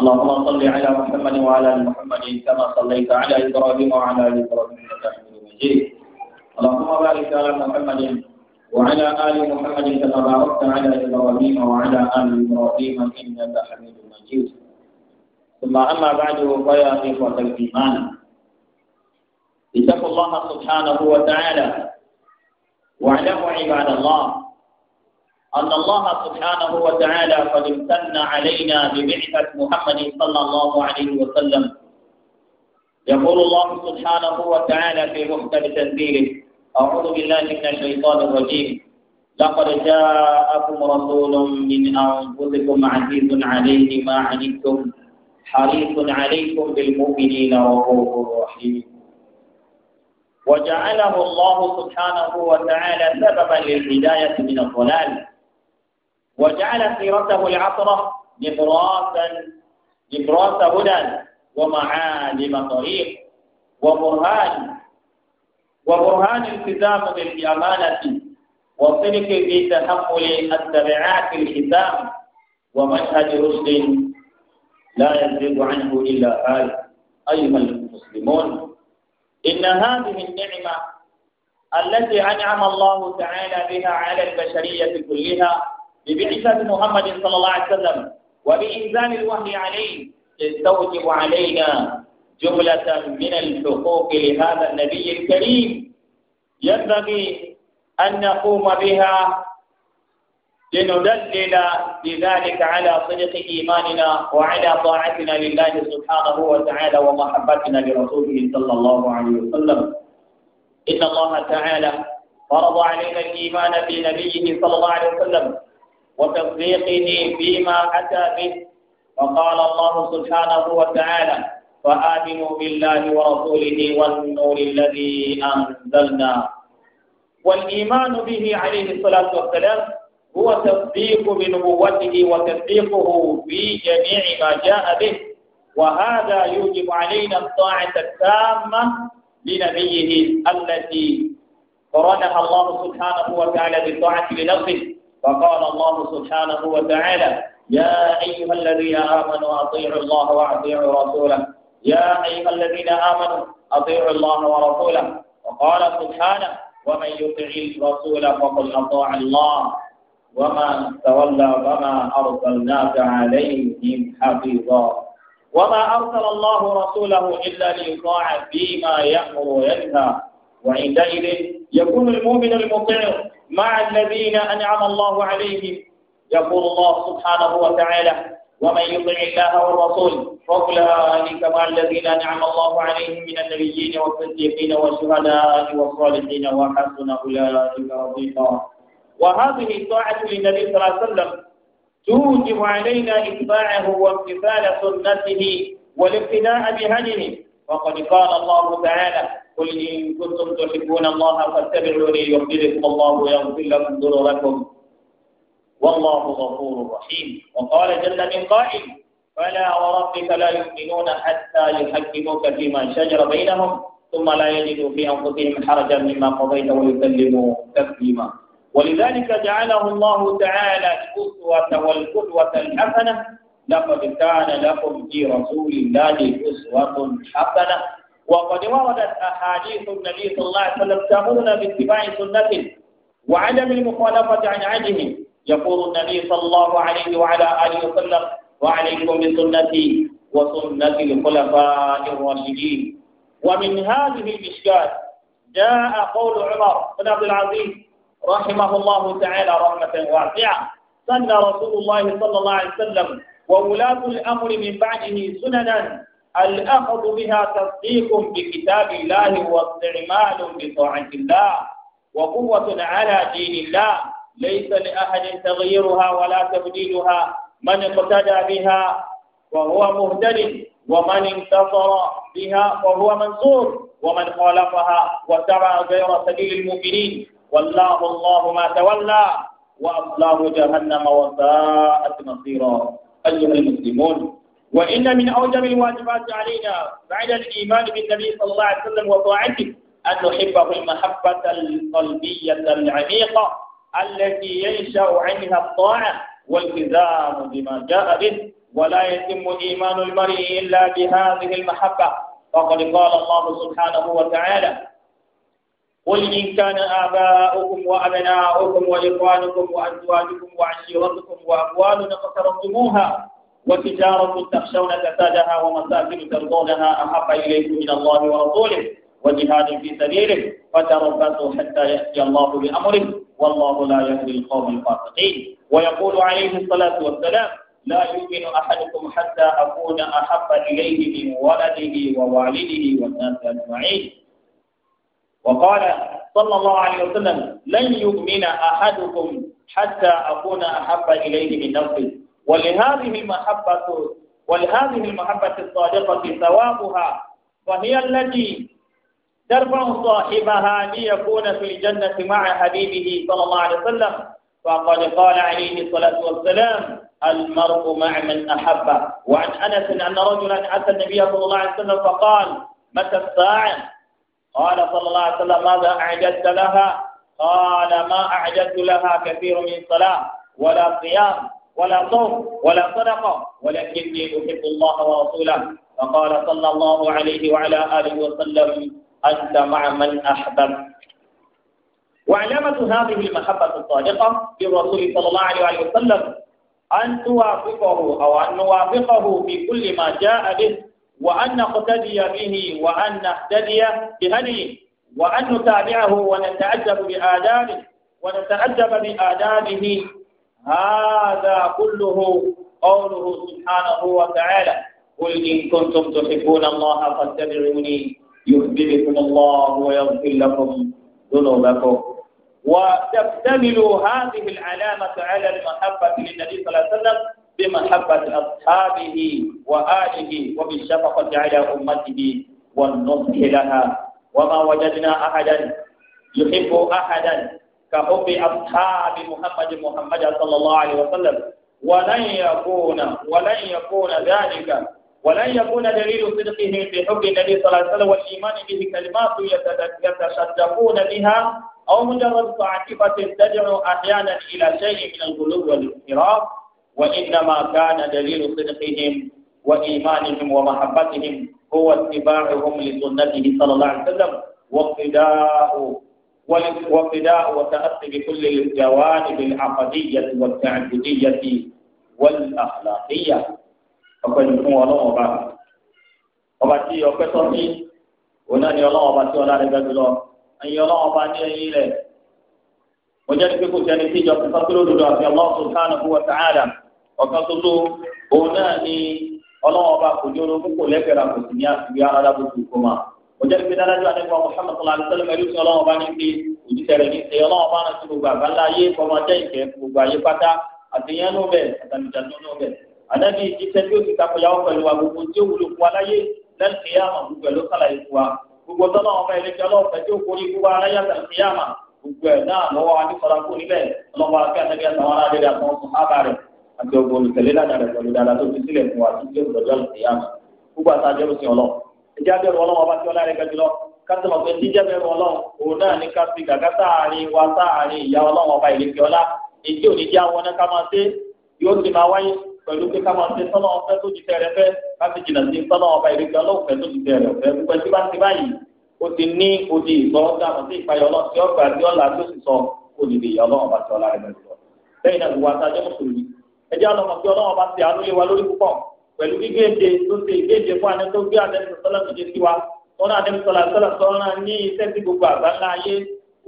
اللهم صل على محمد وعلى ال محمد كما صليت على ابراهيم وعلى ال ابراهيم انك حميد مجيد اللهم بارك على محمد وعلى ال محمد كما باركت على ابراهيم وعلى ال ابراهيم انك حميد مجيد ثم اما بعد فيا اخوه الايمان اتقوا الله سبحانه وتعالى واعلموا عباد الله أن الله سبحانه وتعالى قد امتن علينا ببعثة محمد صلى الله عليه وسلم يقول الله سبحانه وتعالى في محكم تنزيله أعوذ بالله من الشيطان الرجيم لقد جاءكم رسول من أنفسكم عزيز عليه ما عنتم حريص عليكم بالمؤمنين رؤوف رحيم وجعله الله سبحانه وتعالى سببا للهداية من الضلال وجعل سيرته العطرة نبراسا نبراس هدى ومعالم طريق وبرهان وبرهان التزام بالأمانة وصدق في تحمل التبعات الحساب ومشهد رشد لا يزيد عنه إلا آل أيها المسلمون إن هذه النعمة التي أنعم الله تعالى بها على البشرية كلها ببعثة محمد صلى الله عليه وسلم وبإنزال الوحي عليه تستوجب علينا جملة من الحقوق لهذا النبي الكريم ينبغي أن نقوم بها لندلل بذلك على صدق إيماننا وعلى طاعتنا لله سبحانه وتعالى ومحبتنا لرسوله صلى الله عليه وسلم إن الله تعالى فرض علينا الإيمان بنبيه صلى الله عليه وسلم وتصديقه فيما أتى به وقال الله سبحانه وتعالى فآمنوا بالله ورسوله والنور الذي أنزلنا والإيمان به عليه الصلاة والسلام هو تصديق بنبوته وتصديقه في جميع ما جاء به وهذا يوجب علينا الطاعة التامة لنبيه التي قرنها الله سبحانه وتعالى بالطاعة لنفسه فقال الله سبحانه وتعالى يا أيها الذين آمنوا أطيعوا الله وأطيعوا رسوله يا أيها الذين آمنوا أطيعوا الله ورسوله وقال سبحانه ومن يطع الرسول فقل أطاع الله وما تولى وما أرسلناك عليهم حفيظا وما أرسل الله رسوله إلا ليطاع فيما يأمر وينهى وعندئذ يكون المؤمن المطيع مع الذين أنعم الله عليهم يقول الله سبحانه وتعالى ومن يطع الله والرسول فاولئك مع الذين انعم الله عليهم من النبيين والصديقين والشهداء والصالحين وحسن اولئك رفيقا وهذه الطاعه للنبي صلى الله عليه وسلم توجب علينا اتباعه وامتثال سنته والاقتداء بهديه وقد قال الله تعالى قل إن كنتم تحبون الله فاتبعوني يحببكم الله ويغفر لكم ذنوبكم والله غفور رحيم وقال جل من قائل فلا وربك لا يؤمنون حتى يحكموك فيما شجر بينهم ثم لا يجدوا في أنفسهم حرجا مما قضيت ويسلموا تسليما ولذلك جعله الله تعالى الأسوة والقدوة الحسنة لقد كان لكم في رسول الله أسوة حسنة وقد وردت أحاديث النبي صلى الله عليه وسلم تأمرنا باتباع سنته وعدم المخالفة عن عهده يقول النبي صلى الله عليه وعلى آله وسلم وعليكم بسنتي وسنة الخلفاء الراشدين ومن هذه المشكات جاء قول عمر بن عبد العزيز رحمه الله تعالى رحمة واسعة سن رسول الله صلى الله عليه وسلم وولاة الأمر من بعده سننا الأخذ بها تصديق بكتاب الله واستعمال بطاعة الله وقوة على دين الله ليس لأحد تغييرها ولا تبديلها من اقتدى بها وهو مهتد ومن انتصر بها فهو منصور ومن خالفها وتبع غير سبيل المؤمنين والله الله ما تولى وأصلاه جهنم وساءت مصيرا أيها المسلمون وإن من أوجب الواجبات علينا بعد الإيمان بالنبي صلى الله عليه وسلم وطاعته أن نحبه المحبة القلبية العميقة التي ينشأ عنها الطاعة والتزام بما جاء به ولا يتم إيمان المرء إلا بهذه المحبة فقد قال الله سبحانه وتعالى قل إن كان آباؤكم وأبناؤكم وإخوانكم وأزواجكم وعشيرتكم وأموال اقترفتموها وتجارة تخشون كسادها ومساكن ترضونها أحق إليكم من الله ورسوله وجهاد في سبيله فتربصوا حتى يأتي الله بأمره والله لا يهدي القوم الفاسقين ويقول عليه الصلاة والسلام لا يؤمن أحدكم حتى أكون أحب إليه من ولده ووالده والناس أجمعين وقال صلى الله عليه وسلم لن يؤمن أحدكم حتى أكون أحب إليه من نفسه ولهذه المحبة ولهذه المحبة الصادقة ثوابها وهي التي ترفع صاحبها ليكون في الجنة مع حبيبه صلى الله عليه وسلم فقد قال عليه الصلاة والسلام المرء مع من أحبه وعن أنس أن رجلا أتى النبي صلى الله عليه وسلم فقال متى الساعة قال صلى الله عليه وسلم ماذا أعجزت لها قال ما أعجزت لها كثير من صلاة ولا صيام ولا صوم ولا صدقة ولكني أحب الله ورسوله فقال صلى الله عليه وعلى آله وسلم أنت مع من أحببت وعلامة هذه المحبة الصادقة للرسول صلى الله عليه وسلم أن توافقه أو أن نوافقه في كل ما جاء به وأن نقتدي به وأن نهتدي بهديه وأن نتابعه ونتعجب بآدابه ونتعجب بآدابه هذا كله قوله سبحانه وتعالى قل إن كنتم تحبون الله فاتبعوني يحببكم الله ويغفر لكم ذنوبكم وتكتمل هذه العلامة على المحبة للنبي صلى الله عليه وسلم بمحبة أصحابه وآله وبالشفقة على أمته والنصح لها وما وجدنا أحدا يحب أحدا كحب أصحاب محمد محمد صلى الله عليه وسلم ولن يكون ولن يكون ذلك ولن يكون دليل صدقه في حب النبي صلى الله عليه وسلم والإيمان به كلمات يتشدقون بها أو مجرد تعاطفة تدعو أحيانا إلى شيء من الغلو والانحراف وإنما كان دليل صدقهم وإيمانهم ومحبتهم هو اتباعهم لسنته صلى الله عليه وسلم واقتداء والفداء وتأتي بكل الجوانب العقدية والتعبدية والأخلاقية ọpẹ́ ní fún Ọlọ́run ọba ọba tí ọpẹ́ tọ́ sí òun náà ni Ọlọ́run ọba tí ọlá rẹ̀ gbẹdú lọ ẹ̀yin Ọlọ́run ọba ní ẹ̀yìn rẹ̀ mo jẹ́ pé kò sẹ́ni tí ìjọ fífa tó lòdùdù àti Allah subhanahu wa ta'ala ọ̀kan tó tó òun náà ni Ọlọ́run ọba kò ní orogún kò lẹ́kẹ̀rẹ́ kò sì ní àtúbí alára bó ti kó máa òjẹ́rì pé dáadáa àti ẹ̀kọ́ Muhammad sallallahu alaihi wasallam ẹ̀rí sọ̀rọ̀ ọba ní pé òjíṣẹ́ rẹ̀ ní ṣe ọlọ́wọ́ bá rán sí gbogbo àgbáńlá ayé kọ́mọ jẹ́ ìkẹ́ gbogbo ayé pátá àtìyẹn nù bẹ́ẹ̀ àtàlùjàdùn nù bẹ́ẹ̀. ànábì ìjíṣẹ́ tí ó ti takoyàwó pẹ̀lú wa gbogbo tí ó wúlò fún aláyé lẹ́nu kìyàmà gbogbo ẹ̀ ló sàlàyé fún wa gbogbo tọ́lá ọba ìlẹ́jọ́ ọlọ́ọ̀fẹ́ tí ó kórìí fún wa aláyé àtàlùkìyàmà gbogbo ẹ̀ náà lọ́wọ́ wa ní sọ̀rọ̀ kó níbẹ̀ ọlọ́wọ́ akẹ́ àtẹ́gẹ́ àtàwọn ará rẹ̀ àtàwọn ọmọ ábà rẹ̀ àti ọgbọ̀n wa tó dé ọ̀dọ́jọ́ àtàlùkìyàmà gbogbo ìjábẹ̀rù ọlọ́run ọba tí ọlá rẹ̀ gẹ́gẹ́ lọ kátó mọ̀ pé jíjábẹ̀rù ọlọ́run òun náà ní ká fi gàgá sáàárín wa sáàárín ìyá ọlọ́run ọba ìlẹ̀kẹ́ ọlá èyí ò ní jẹ́ àwọn náà ká máa ṣe yóò sì máa wáyé pẹ̀lú pé ká máa ṣe sọ́nà ọ̀fẹ́ tó jìtẹ̀ rẹ fẹ́ láti jìnnà sí sọ́nà ọba ìlẹ̀kẹ́ ọlọ́ọ̀fẹ́ tó jìtẹ̀ rẹ fẹ́ pípẹ́ tí bá ti báyìí ó ti ní odi ìgbọ́ dáhùn sí ìpayọ̀ ọlọ́run tí ọgbà tí ọ̀là tó sì sọ olùdè ìyá ọlọ́run ọba tí pẹ̀lú gbígbéǹde tó ṣe ìgbéǹde fún anẹ́tọ́ gbé anẹ́tọ́ sọ́lá tó sí wa wọn náà anẹ́tọ́ sọ́lá sọ́lá sọ́lá ní iṣẹ́ tí gbogbo àgbà ayé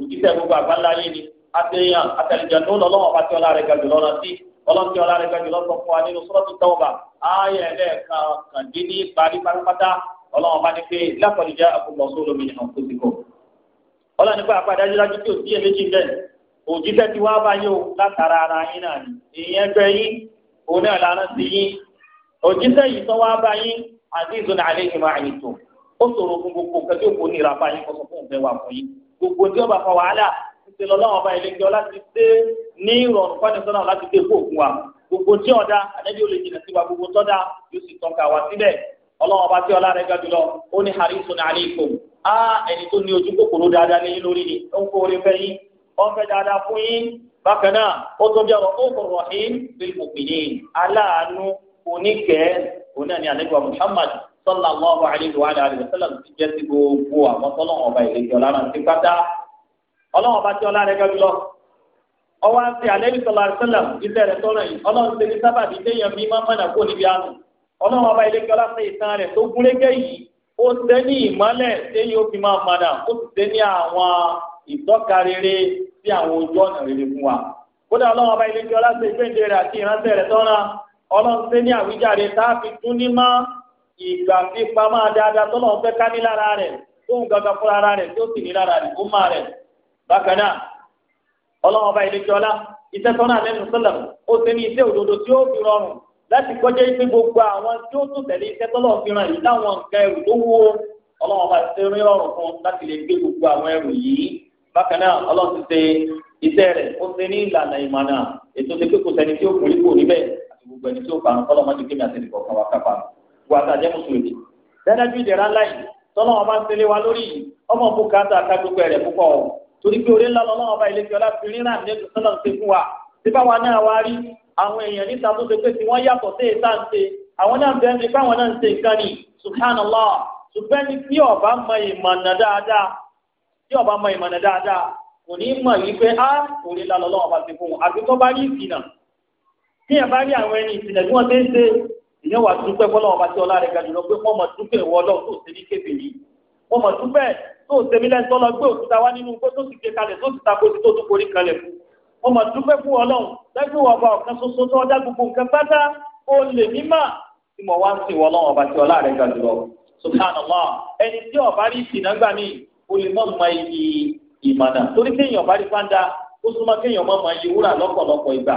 òjíṣẹ́ gbogbo àgbà ayé ni àtẹ̀yàn àtẹ̀lẹ̀jà tó lọ́ lọ́wọ́ àti ọlá rẹ̀ ga jùlọ sí ọlọ́tí ọlá rẹ̀ ga jùlọ fún wa nínú sọ́lọ́tù tọ́wọ́bà ayé parí bá ní pé òjíṣẹ́ yìí tó wá bá yín azizun alayhi ma anitu ó sọ̀rọ̀ fún gbogbo nǹkan tí òkú nira bá yín kó sọ fún òun fẹ́ wà fún yín gbogbo tí ó bá fa wàhálà ṣe lọ lọ́wọ́ ọba ìlẹ́jọ́ láti dé ní ìrọ̀rùn fún ẹnìkan náà láti dé fún òkun wa gbogbo tí ọ̀dà àdẹ́bí ò lè jìnà sí wa gbogbo tọ́da yóò sì tàn ká wa síbẹ̀ ọlọ́wọ́ ọba tí ọlá rẹ̀ ga jùlọ ó ní harisun alaykum á ẹni tó ní ojú kòkòrò dáadáa lé yín lórí ó ń kó orin fẹ́ yín ó ń fẹ́ dáadáa fún yín bákan náà ó tó bí ọ̀rọ̀ ó kò rọ̀ oníkẹ́ onáà ní àlejò Muhammad sallallahu alayhi wa alayhi wa sallam ti jẹ́ sí gbogbo àwọn tọ́lọ́wọ́n ọba ìlẹ́jọ́ lára ti pátá ọlọ́wọ́n ọba lọ ọwọ́ àti rẹ̀ yìí ti ní sábàbí déyàn bí máa mọ̀nà kó níbi àánú ọlọ́wọ́n ọba ìlẹ́jọ́ láti ìtàn rẹ̀ tó yìí ó ní ọlọ́run ní àwíjàre tá a fi tún ní mọ́ ìgbà fipamọ́ dáadáa tó lọ́n fẹ́ ká ní lára rẹ̀ ń gangan ara rẹ̀ tí ó sì ní lára rẹ̀ kó rẹ̀ bákan náà ilé jọlá ó ṣe ní iṣẹ́ òdodo tí ó fi rọrùn láti kọjá gbogbo àwọn tó ìlànà ìmọ̀nà ètò gbogbo ẹni tí ó parun kọ́lọ́ mọ́tò kémi àti ìdìbò kan wá ká parun wà á tàjẹ́ mùsùlùmí. dáadájú ìdẹ̀ra ńlá yìí tọ́lá wọn bá ń tẹ́lẹ̀ wa lórí yìí ọmọ bùkátà ká gbogbo ẹ̀rẹ̀ púpọ̀ o torí pé orí ńlá lọ́wọ́ bá ilé fi ọlá fi rírà nínú sọ́nà ń ṣe fún wa tí báwa náà wá rí àwọn èèyàn níta tó ṣe pé tí wọ́n yàtọ̀ sí èyí tá à ń ṣe àwọn náà bẹ́ẹ̀ ni báwọn náà ń ṣe nǹkan ni subhanallah ṣùgbọ́n ni tí ọba mọ ìmọ̀nà dáadáa tí ọba mọ ìmọ̀nà dáadáa kò ní mọ̀ wípé á ah, orí ńlá lọ́wọ́ bá ti fún un àbí tó bá rí ìsìn náà tí yẹn bá rí àwọn ẹni ìsìlẹ̀ tí wọ́n ti ń ṣe ìyẹn wà dúpẹ́ fọlọ́ ọba tí ọlá rẹ̀ ga jùlọ pé wọ́n mọ̀ dúpẹ́ ìwọ ọlọ́run tó ṣe ní kébìrì wọ́n mọ̀ dúpẹ́ tó ṣe mí lẹ́ńtọ́ lọ gbé òkúta wá nínú igbó tó sì ké kalẹ̀ tó sì ta kó sí tó tún forí kalẹ̀ fún wọ́n mọ̀ dúpẹ́ fún ọlọ́run lẹ́gbẹ́ ọba ọ̀kan ṣoṣo tó ọjà gbogbo nǹkan pátá ó lè mímà tí mo wá ń sìn wọ́n lọ́wọ́ ọba tí ọlá rẹ̀ ga jùlọ subhanallah ẹni tí ọba rí ìsìn náà gbà mí o lè mọ̀ mọ iyì ìmọ̀nà torí kéèyàn ọba rí fáńdà ó súnmọ́ kéèyàn mọ̀ mọ iyì wúrà lọ́pọ̀lọpọ̀ ìgbà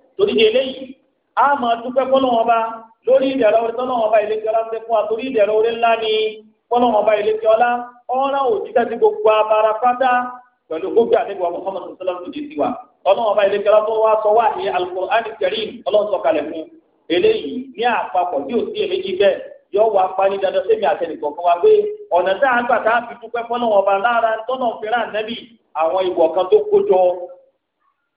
torí di eléyìí a máa dúpẹ́ fọlọ́wọ́n bá lórí ìdẹ̀rọ̀ orí tọ́lọ́wọ́n bá ìlẹ́kẹ́ ọlá ṣe fún wa torí ìdẹ̀rọ̀ orí ńlá ni fọlọ́wọ́n bá ìlẹ́kẹ́ ọlá ọ̀ràn òjìká ti gbogbo abara pátá pẹ̀lú gbogbo àdébò àwọn ọmọ tuntun lọ́dún ti tiwa ọlọ́wọ́n bá ìlẹ́kẹ́ ọlá tó wá sọ wá ní Al-Qur'an Al-Karim ọlọ́sọ kalẹ̀ fún eléyìí ní àpapọ̀ bí ò sí èméjì bẹ́ẹ̀ yọ wá parí dandan sẹ́mi àtẹnìkọ̀ fún wa pé ọ̀nà tá a gbà tá a fi dúpẹ́ fọlọ́wọ́n bá lára tọ́nà fẹ́ràn nẹ́bì àwọn ìwọ̀ kan tó kójọ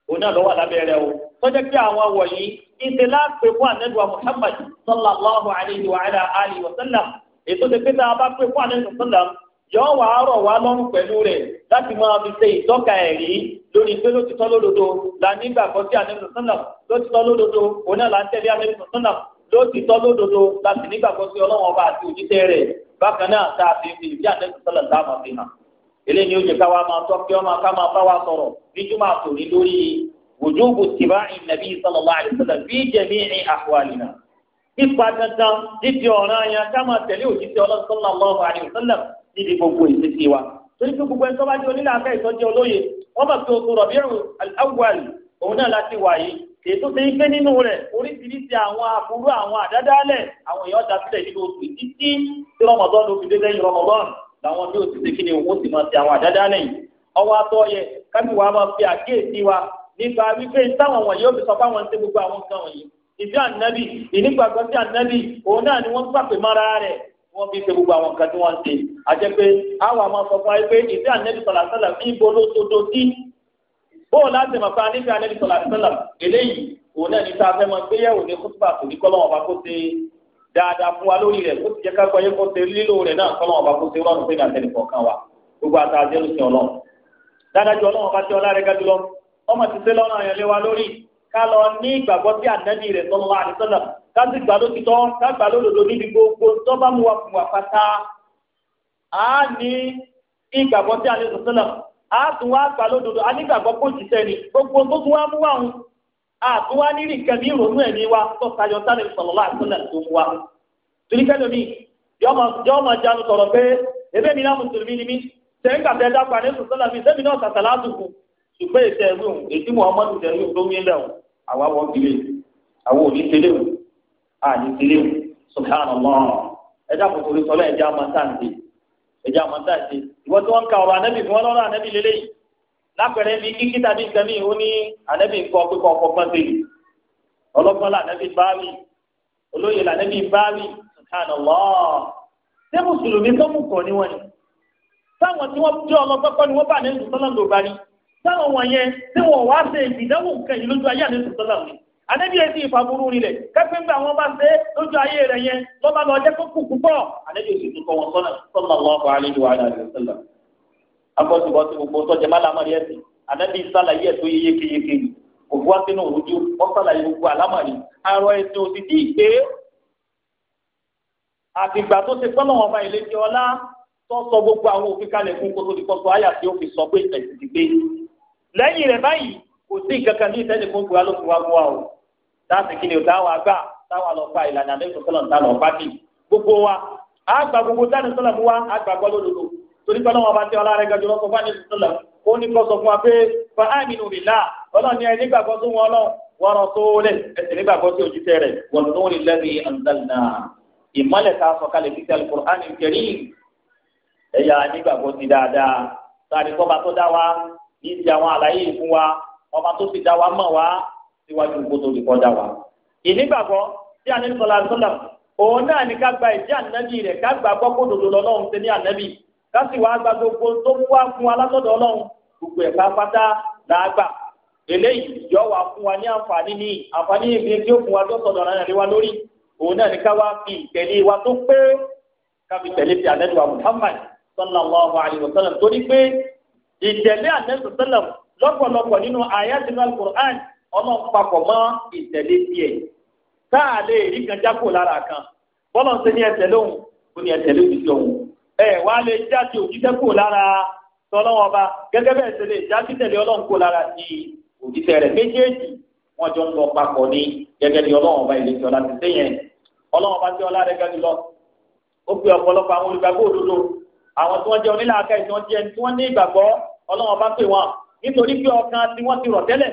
òun náà ló wà lábẹ́ rẹ̀ o tọ́jà pé àwọn wọ̀nyí ìṣe láàpẹ̀ fún ànẹ́dùwà Muhammad sallallahu alayhi wa ala alihi wa sallam ètò ìpè tá a bá pè fún ànẹ́dùwà sallam yọ̀ọ́ wà á rọ̀ wá lọ́rùn pẹ̀lú rẹ̀ láti máa fi ṣe ìtọ́ka ẹ̀rí lórí pé lótìtọ́ lódodo la nígbàgbọ́ sí ànẹ́dùwà sallam lótìtọ́ lódodo òun náà ń tẹ̀lé ànẹ́dùwà sallam lótìtọ́ lódodo la sì nígbàgbọ́ sí ọlọ́wọ́n ọba àti òjíṣẹ́ eléyìí ó jẹ káwa máa tọ́ kí ọmọ ká máa bá wa sọ̀rọ̀ níjúmọ́ àtòrí lórí wujubu tiba'i nàbí sallallahu alaihi wasallam fi jami'i ahwalina ipa dandan níbi ọ̀ràn yẹn ká máa tẹ̀lé òjíṣẹ́ Ọlọ́run sallallahu alaihi níbi gbogbo ìṣesí wa torí pé gbogbo ẹni bá jẹ́ onílé afẹ́ ìtọ́jú olóye wọ́n bá fi oṣù Rabi'ul làwọn bí òtítí kí ni owó sì máa ti àwọn àdáda lẹ́yìn ọwọ́ atọ́ yẹ kábí wàá máa fi àkíyèsí wa nípa wípé táwọn wọ̀nyí yóò fi sọ fáwọn ń tẹ gbogbo àwọn nǹkan wọ̀nyí ìfẹ́ ànábì ìnígbàgbọ́ sí ànábì òun náà ni wọ́n gbàgbé mọ́ra rẹ̀ wọ́n fi ṣe gbogbo àwọn nǹkan tí wọ́n ń ṣe àti pé àwọn àmọ́ sọ fún pé ìfẹ́ ànábì sọ̀làsọ̀là ní ibo ló sodo sí bóò láti mọ̀ pé a nífẹ̀ẹ́ ànábì eléyìí òun náà ní sáfẹ́ mọ́ gbéyàwó ní kótópà kò ní kọ́lọ́wọ́n dáadáa fún wa lórí rẹ̀ kó ti jẹ́ ká gbọ́ yẹ kó ti lílo rẹ̀ náà kọ́ lọ́wọ́ bá kó ti rọ́ọ̀nù pé nàtẹ́lẹ̀ kọ̀ọ̀kan wa gbogbo àti àdéhùn sí ọlọ́run dáadáa ju ọlọ́run bá ti ọlá lọ ọmọ ti sẹ́ yẹn lé wa lórí ká lọ tọ́ ká gbà níbi gbogbo tó bá mu wa fún a ní ìgbàgbọ́ sí àlejò sọ́lá a tún wá gbà lódodo a ní àtúwá nírì nǹkan ní ìrònú ẹ̀mí wa tó tayọ sáré sọ̀rọ̀ láàtúnlẹ̀ tó wa torí kẹ́lómi yọ ọmọ jánu sọ̀rọ̀ pé ebe mi náà mùsùlùmí ni mí sẹ́ńgà tẹ́ dápa ní sọ̀sọ́lá mi sẹ́mi náà tàtàlá àtùkù ṣùgbọ́n ètò ẹ̀rú òun ètí muhammadu tẹ̀lé òun lómi lẹ̀ òun àwa wọ́n fi lé àwọn òní tẹ̀lé òun àní tẹ̀lé òun subhanallah ẹ̀dá kòtò orí sọlá ẹ̀dá mọ́tàǹdì ẹ̀dá mọ́tàǹdì ìwọ́n tí wọ́n ń ka ọ̀rọ̀ ànábì fún ọlọ́rọ̀ ànábì lápẹ̀rẹ̀ bí kíkí tàbí nǹkan mi ò ní ànẹ́bí nǹkan pípọ̀ ọ̀kọ̀ọ̀kan tèlè ọlọ́gbọ́n lànẹ́bí báàlì olóyè lànẹ́bí báàlì subhanallah ṣé mùsùlùmí tó mú kàn ní wọn ni táwọn tí wọ́n jẹ́ ọlọ́gbọ́n kọ́ ni wọ́n bá ànẹ́bí sọ́lá ló bá rí táwọn wọ̀nyẹn tí wọ́n wá ṣe ìdánwò nǹkan yìí lójú ayé ànẹ́bí sọ́lá mi ànẹ́bí etí ìfàbúrú rí rẹ̀ kẹ́pẹ́ ńgbà wọn bá ṣe lójú ayé rẹ̀ yẹn lọ́ba agbọ́sibọ́ sí gbogbo sọ́jà má lámọ̀rí ẹ̀sìn ànábì sàlàyé ẹ̀tọ́ yẹ yékéyéké ni òkú wá sínú òwúdú wọ́n sàlàyé gbogbo àlámọ̀rí àrọ ẹ̀sìn òsì tí ì pé àtìgbà tó ṣe pọ́nà ọba ìlẹ́jẹ̀ ọlá tó sọ gbogbo àwọn òfin kalẹ̀ fún kótó ní kọ́sọ́ àyà tí ó fi sọ pé ẹ̀sìn ti gbé lẹ́yìn rẹ̀ báyìí kò sí nǹkan ní ìtẹ́lẹ̀ fún gbogbo alókùn wa wá o láti kí ni táwọn àgbà táwọn àlọ́pàá ìlànà àdéhùn sọ́lọ̀ ń ta lọ́ọ́ pàtì gbogbo wa àgbà gbogbo táwọn sọ́lọ̀ mú wa àgbà torí pé ọlọ́wọ́n bá tẹ ọlá rẹ̀ gàdúrà sọ fáwọn ìṣẹ̀lẹ̀ ó ní kó sọ fún wa pé fa aminu billah ọlọ́run ní ẹni gbàgbọ́ sí wọn ọlọ́run wọn rọ sóòlẹ̀ ẹsẹ̀ nígbàgbọ́ sí òjíṣẹ́ rẹ̀ wọn tó ní lẹ́bi anzalna ìmọ̀lẹ̀ ká sọ kalẹ̀ fi tẹ̀lé Qur'an karim ẹ̀yà nígbàgbọ́ sí dáadáa sáré kọ́ba tó dá wa ní àwọn àlàyé ìfún wa ọba tó ti dá wa mọ̀ wá síwájú kó tó lè kọ́ dá wa. ìnígbàgbọ́ tí a ní sọlá sọlá òun náà ní ká gba ìdí kásì wàá gba gbogbo tó ń wá fún alásọ̀dọ̀ ọlọ́run gbogbo ẹ̀ pátápátá làágbà eléyìí yọ wá fún wa ní àǹfààní ní àǹfààní ìgbìyànjú tí ó fún wa lọ́sọ̀dọ̀ náà lé wa lórí òun náà ní ká wá fi ìtẹ̀lé wa tó pé kábi tẹ̀lé ti ànẹ́dùn wa Muhammad sallallahu alayhi wa sallam torí pé ìtẹ̀lé ànẹ́dùn sallam lọ́pọ̀lọpọ̀ nínú ayatul Qur'an ọlọ́run papọ̀ mọ́ ìtẹ̀lé tiẹ̀ táà lè rí kan jákò lára kan bọ́lọ̀ ń sẹ́ ní ẹ̀tẹ̀lé ó ní ẹ̀tẹ̀lé òun ẹ wàá lè jáde òjíṣẹ́ kò lára tọ́lọ́wọ́n ọba gẹ́gẹ́ bẹ́ẹ̀ ṣe lè jáde tẹ̀lé ọlọ́run kò lára ti òjíṣẹ́ rẹ̀ méjèèjì wọ́n jọ ń lọ papọ̀ ní gẹ́gẹ́ bí ọlọ́run ọba ìlẹ́sìn ọ̀la ti dé ọlọ́run ọba tí ọlá rẹ̀ gẹ́gẹ́ lọ ó pe ọ̀pọ̀lọpọ̀ àwọn olùgbàgbọ́ òdodo àwọn tí wọ́n jẹ́ onílàákà ìtàn jẹ́ tí wọ́n ní ìgbàgbọ́ ọlọ́run ọba pè wọ́n nítorí pé ọkàn tí wọ́n ti rọ̀ tẹ́lẹ̀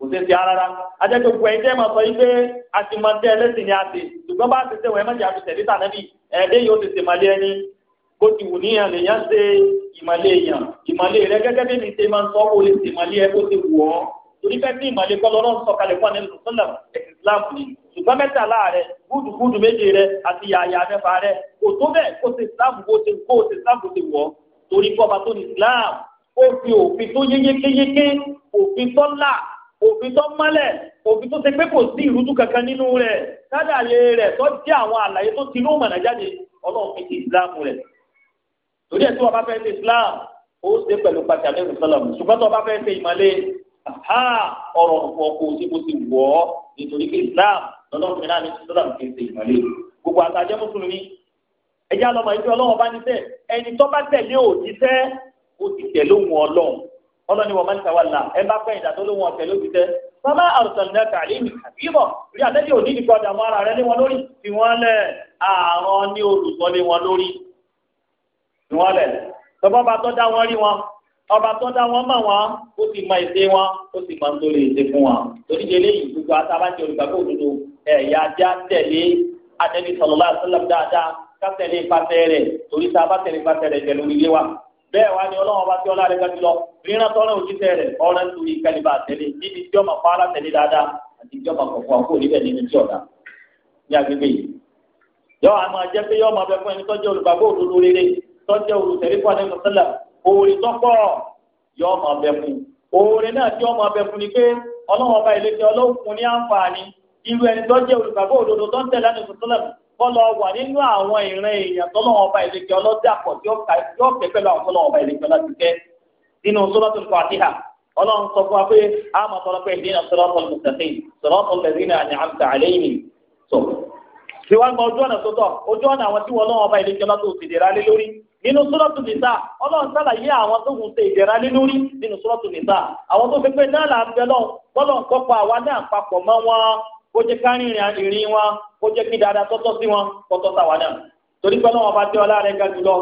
kò sí ti rárá ajẹ́pẹ́ gbogbo ẹ̀yin tẹ́ máa sọ yí pé a ti mọ tẹ́ ẹlẹ́sìn ni a ti ṣùgbọ́n bá a ti ṣe wọ́n ẹ mọ̀jẹ̀ àti tẹ̀lé tànẹ́bì ẹ̀ẹ́dẹ́ yóò ti ṣe màlẹ́ ẹni bó ti wù níyàn lèyàn ṣe ìmàlẹ́ èèyàn ìmàlẹ́ rẹ gẹ́gẹ́ bí mi ṣe máa ń sọ ọ́ wọlé ṣe ìmàlẹ́ ẹ bó ti wù ọ́ torí pé tí ìmàlẹ́ kọ́ lọ́rọ́ Islam ni ṣùgbọ́n mẹ́tàlá rẹ gúdùgúdù méje rẹ àti yàyà mẹ́fà rẹ kò tó bẹ́ẹ̀ Islam bó ṣe Islam bó ṣe wọ̀ torí pé Islam ó fi òfin tó yékéyéké òfin tọ́lá òfin tó mọ́lẹ̀ òfin tó ṣe pé kò sí ìrújú kankan nínú rẹ̀ sádàlẹ rẹ̀ tó jẹ́ àwọn àlàyé tó ti lóòmọ̀nà jáde ọlọ́run fi ti islam rẹ̀ torí ẹ̀ tí wọ́n bá fẹ́ ṣe islam ó ṣe pẹ̀lú pàṣẹ àbẹ̀rù sọlọm ṣùgbọ́n tó bá fẹ́ ṣe ìmọ̀lẹ̀ ọ̀rọ̀ ọkọ̀ tí kò ti wọ̀ ọ́ nítorí pé islam lọ́lọ́run náà ní sọlọm fi ṣe ìmọ̀lẹ̀ gbogbo àtàjẹ́ mùsùlùmí ẹ̀jẹ̀ alọ́mọ ìjọ ọlọ́run bá ní tẹ̀ ẹni tó bá tẹ̀lé òjíṣẹ́ ó ti tẹ̀lé òun ọlọ́run ọlọ́ni wọ́n máa ń tawàlà ẹ bá pẹ́ ìdá tó ló wọn tẹ̀lé òbí tẹ́ sábà àrùsàn náà kàlí ní àbíbọ̀ rí àtẹ́jọ́ òní ìdíkọ̀ àdàmú ara rẹ ní wọn lórí fi wọ́n lẹ̀ àrùn ní olùsọ ní wọn lórí fi wọ́n lẹ̀ tọ́ba bá tọ́ dá wọn rí wọn ọba tó dá wọn mọ̀ wọn ó sì mọ ète wọn ó sì mọ tó lè fún wọn torí eléyìí gbogbo àtàbàjẹ́ olùgbàgbọ́ òdodo ẹ̀yà ajá tẹ̀lé àtẹ́bí sọ̀rọ̀ dáadáa ká tẹ̀lé ìpàtẹ́ rẹ̀ torí tá a bá tẹ̀lé ìpàtẹ́ rẹ̀ lórí ilé wa bẹ́ẹ̀ wá ní ọlọ́run ọba tí ọlá rẹ̀ gbàgbé lọ ríran tọ́lá òjíṣẹ́ rẹ̀ ọ̀rẹ́ nítorí kẹlẹ́bà tẹ̀lé níbi tí ọmọ pa alátẹ̀lé dáadáa àti tí ọmọ kọ̀ọ̀kan àkókò níbẹ̀ nínú tí ọ̀dà ní agbègbè yìí. yọ àmọ́ jẹ́ pé yọ ọmọ bẹ fún ẹni tó jẹ́ òdodo rere tó jẹ́ olùtẹ̀lé fún òòrè tó yọ ọmọ bẹ fún òòrè náà tí ọmọ bẹ fún ni pé ọlọ́run ọba ìlẹ́kẹ̀ ọlọ́run fún ní àǹfààní irú ẹni tó jẹ́ olùgbàgbọ́ òdodo kọlọ wà nínú àwọn ìran èèyàn tọ́lọ́wọ́n ọba ìlẹ́kẹ́ ọlọ́dẹ àpọ̀ tí yóò kẹ́ pẹ̀lú àwọn tọ́lọ́wọ́n ọba ìlẹ́kẹ́ láti kẹ́ nínú suratul Fatiha ha sọ fún wa pé a máa tọrọ pé ìdí náà siratal mustaqim siratal ladhina an'amta alayhim tó. tí wọ́n gba ojú ọ̀nà tó tọ̀ ojú ọ̀nà àwọn tí ọba kó jẹ́ ká nwa, ìrìn wọn kó jẹ́ kí dáadáa tọ́tọ́ sí wọn kọ́tọ́ sáwà náà torí pé ọlọ́wọ́n bá tẹ́ ọlá rẹ̀ ga jùlọ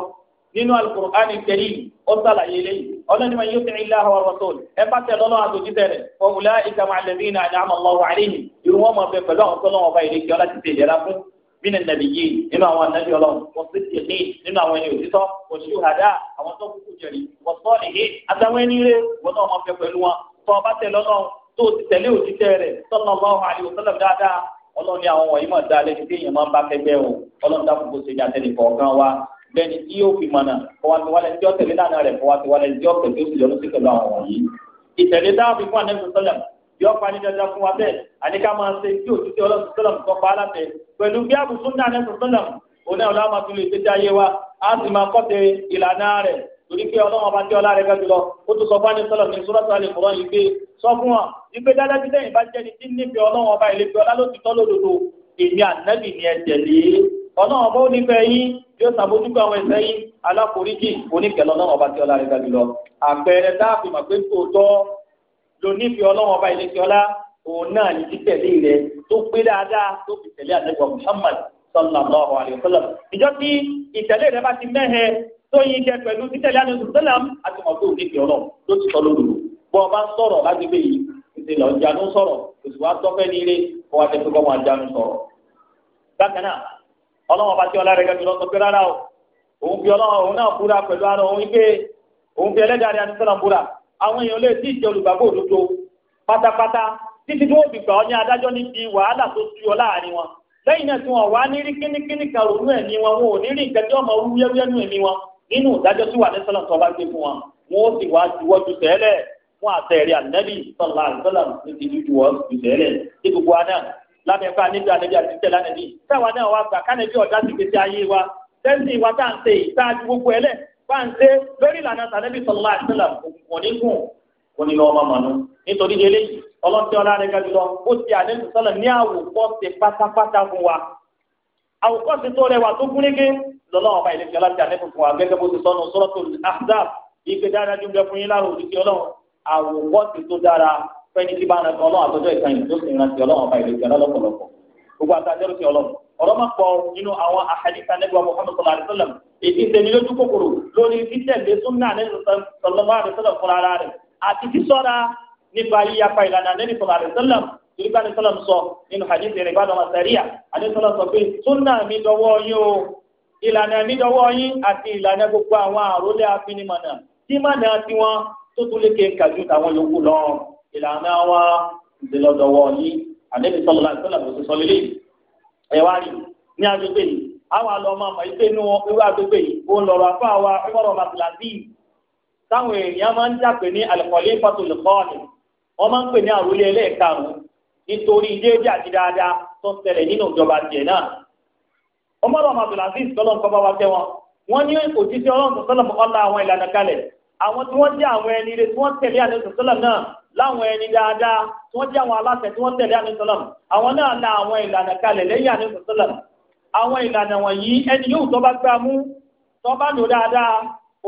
nínú alukur'an kẹrì ó sàlàyé lẹ́yìn ọlọ́ni wọn yóò tẹ̀ ilé àwọn rọ̀tọ́ọ̀lù ẹ bá tẹ lọ́nà àtòjíṣẹ́ rẹ̀ fọmùlá ìkàmà àlẹ́yìn irun wọn bẹ pẹ̀lú àwọn kí ọlá ti fún nàbí yìí nínú àwọn ọlọ́run ti ní nínú àwọn ẹni òtítọ́ àwọn tó kúkú tó o ti tẹ̀lé òtítẹ́ rẹ̀ sallallahu alaihi wasallam dáadáa ọlọ́run ní àwọn wọ̀nyí mọ̀ dáa lẹ́ni tí èèyàn máa ń bá kẹgbẹ́ o ọlọ́run dákun kó sèmi àtẹnì kọ̀ọ̀kan wa bẹ́ẹ̀ni tí yóò fi mọ̀nà kó wa ti wálẹ̀ tí ó tẹ̀lé lánàá rẹ̀ kó wa ti wálẹ̀ tí ó tẹ̀lé ó sì yọnu sí pẹ̀lú àwọn wọ̀nyí. ìtẹ̀lé dáàbì fún anẹ́sùn sọ́lẹ̀m yóò pa ní dandan fún wa bẹ́ẹ̀ àníká máa ṣe tí òtítẹ́ ọlọ́sùn sọ́lẹ̀m tó torí pé ọlọ́wọ́n bá jẹ́ ọlá rẹ̀ gẹ́gẹ́ lọ ó tún sọ fáni sọlọ ní sọ́rọ́ sọ́lá ìfọ̀rọ̀ yìí pé sọ fún wọn wípé dáadáa ti dẹ́yìn bá jẹ́ ni tí nífẹ̀ẹ́ ọlọ́wọ́n ọba ìlẹ́fẹ̀ẹ́ ọlá ló ti tọ́ lódodo èmi ànábì ni ẹ tẹ̀lé ọlọ́wọ́n bá ó nífẹ̀ẹ́ yín yóò sàbójúkọ àwọn ẹ̀ṣẹ̀ yín aláforíjì oníkẹ̀lẹ́ ọlọ́wọ́n ọba tí ọlá rẹ̀ gẹ́gẹ́ lọ àpẹẹrẹ Muhammad sallallahu alayhi sallam ìjọ tí ìtẹ̀lé rẹ bá ti mẹ́hẹ tó yin kẹ pẹ̀lú títẹ̀lé àná sọ̀tẹ́lá àti mọ̀ pé òkèké ọ̀rọ̀ ló ti sọ lóru bọ́ ọba ń sọ̀rọ̀ lágbègbè yìí ètò ìlọ ìjànú sọ̀rọ̀ òsì wa tọ́fẹ́ ní ilé kó wa tẹ́ pé kọ́ wọn àjànú sọ̀rọ̀. bákan náà ọlọ́wọ́n bá tí ọlá rẹ̀ gẹ́gẹ́ bí lọ́sọ̀ pé rárá o òun fi ọlọ́wọ́n òun náà búra pẹ̀lú ara òun wípé òun fi ẹlẹ́dàá rẹ̀ àtúntàn búra àwọn èèyàn lè tí ì jẹ olùgbàgbọ́ òdodo pátápátá títí tó fi gbà ọ́ ní adájọ́ níbi wàhálà tó tu ọ láàrin wọn lẹ́yìn náà tí wọ́n wá ní rí kínníkínní kan rònú ẹ̀mí wọn wọn ò ní rí nǹkan tí wọ́n máa wúyẹ́wúyẹ́ nú ẹ̀mí wọn nínú ìdájọ́ tí wà ní sọ́lá tó bá gbé fún wọn wọn ó sì wá síwọ́jú sẹ́lẹ̀ fún àtẹ̀rí ànábì sọ́lá sọ́lá ní ti dúdú wọ́n ju sẹ́lẹ̀ tí gbogbo wa náà lábẹ́ fún anábì anábì àti tẹ̀lé anábì táwa náà wá gbà kánábì ọ̀dá sì gbèsè ayé wa tẹ́sí wa tá à ń ṣe ìtajú gbogbo ẹlẹ́ bá ń ṣe lórí ìlànà tànábì sọ́lá sọ́lá kò ní gùn kò ní lọ́ọ́ máa mọ̀nú nítorí àwòkọ́sí tó rẹwà tó gúnrégé lọ́lọ́wọ́ bá ìlẹ́fẹ̀ láti àlẹ́kùn fún wa gẹ́gẹ́ bó ti sọnù Suratul Ahzab ìgbé dáadáa ju bẹ́ẹ̀ fún yín láàrú òdìsí ọlọ́run àwòkọ́sí tó dára fẹ́ni tí bá ń rántí ọlọ́run àtọ́jọ́ ìkànnì tó sì rántí ọlọ́run bá ìlẹ́fẹ̀ lọ́pọ̀lọpọ̀ gbogbo àtàjẹ́rù sí ọlọ́run ọ̀rọ̀ máa pọ̀ nínú àwọn àhàdìsá nẹ́gbà Muhammad sallallahu alayhi wa sallam èyí ìsẹ̀ni lójú kòkòrò lórí títẹ̀lé súnà nẹ́gbà sallallahu alayhi fúnra rẹ̀ àti sísọ́ra nípa yíyapa ìlànà nẹ́gbà sallallahu tìrìbá ní sọlọ sọ nínú hadith rẹ gbàdọ̀ masaria àti sọlọ sọ pé súnà mi dọwọ́ yín o ìlànà mi dọwọ́ yín àti ìlànà gbogbo àwọn àròlé afinimọ̀nà tí mọ̀nà tiwọn tó tún léke kàjú táwọn yòókù lọ ìlànà wa ìdílọ́dọ̀wọ́ yín àdébí sọlọ láti sọlọ bó sọ lélẹ̀ ẹ wá rí ní agbègbè yìí àwọn àlọ́ ọmọ àmọ́ ìpè nu irú agbègbè yìí ó ń afọ àwa ìmọ̀ràn màtìláńtì táwọn èèyàn máa ń dàpè ní àlùkọ́lé fọ́tò lùkọ́ọ̀lì máa ń pè ní àròlé ẹlẹ́ẹ̀karùn-ún nítorí déédéé àti dáadáa tó ń tẹ̀lé nínú ìjọba tiẹ̀ náà. ọmọdé ọmọ abdulaziz tọ́lọ́n kọ́ bá wa fẹ́ wọn wọ́n ní òjíṣẹ́ ọlọ́run sọ́lọ́m ọ̀la àwọn ìlànà kalẹ̀ àwọn tí wọ́n jẹ́ àwọn ẹni rẹ̀ tí wọ́n tẹ̀lé àdéhùn sọ́lọ́m náà láwọn ẹni dáadáa tí wọ́n jẹ́ àwọn aláṣẹ tí wọ́n tẹ̀lé àdéhùn sọ́lọ́m àwọn náà la àwọn ìlànà kalẹ̀ lẹ́yìn àdéhùn sọ́lọ́m àwọn ìlànà wọ̀nyí ẹni yóò tọ́ bá gbá mú tọ́ bá lò dáadáa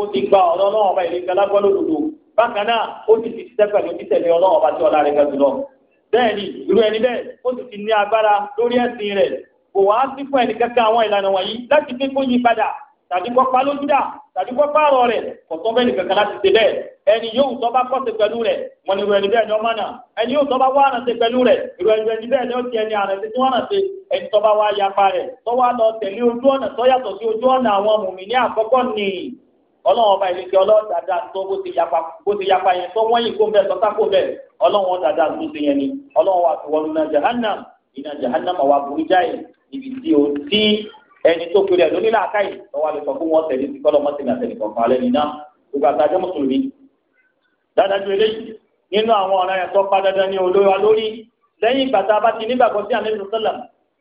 ó ti gba ọ̀rọ̀ náà ọba ìlú ìgbàlagbọ́ lòdòdò bákan náà ó ti ti ṣiṣẹ́ bẹ́ẹ̀ ni irú ẹni bẹ́ẹ̀ ó sì ti ní agbára lórí ẹ̀sìn rẹ̀ kò wá sí fún ẹnì kankan àwọn ìlànà wọ̀nyí láti pé kó yí padà tàbí kó pa lójú dà tàbí kó pààrọ̀ rẹ̀ kò tọ́ bẹ́ẹ̀ nìkan kan láti ṣe bẹ́ẹ̀ ẹni yóò tọ́ bá kọ́sẹ̀ pẹ̀lú rẹ̀ wọn ni irú ẹni bẹ́ẹ̀ ni ọmọ náà ẹni yóò tọ́ bá wá àrànṣe pẹ̀lú rẹ̀ irú ẹni bẹ́ẹ̀ ni ó ti ẹni àrànṣe tí wọ́n àrànṣe ẹni tọ́ bá wá yapa rẹ̀ tọ́ wá lọ tẹ̀lé ojú ọ̀nà tọ́ yàtọ̀ sí ojú ọ̀nà àwọn mùmínì àkọ́kọ́ nìyí ọlọ́run ọba ìlú kí ọlọ́run dada tó bó ti yapa bó ti yapa yẹn tó wọ́n yìí kó bẹ́ẹ̀ sọ́tà kó bẹ́ẹ̀ ọlọ́run dada tó ti yẹn ni ọlọ́run wa ti wọnú náà jahannam iná jahannam àwa burú jáì níbi tí o tí ẹni tó kiri ẹ̀ lónílà káyì lọ́wọ́ àlùfọ́ fún wọn tẹ̀lé sí kọ́lọ́ mọ́tẹ̀lẹ̀ àtẹ̀lẹ̀ kọ̀ọ̀kan alẹ́ nínà gbogbo àtàjọ́ mùsùlùmí dáadájú eléyìí nínú àwọn ọ̀rọ̀ yẹn tó pa dandan ní olóyè wa lórí lẹ́yìn ìgbà tá a bá ti nígbàgbọ́ sí àlejò sọ́lá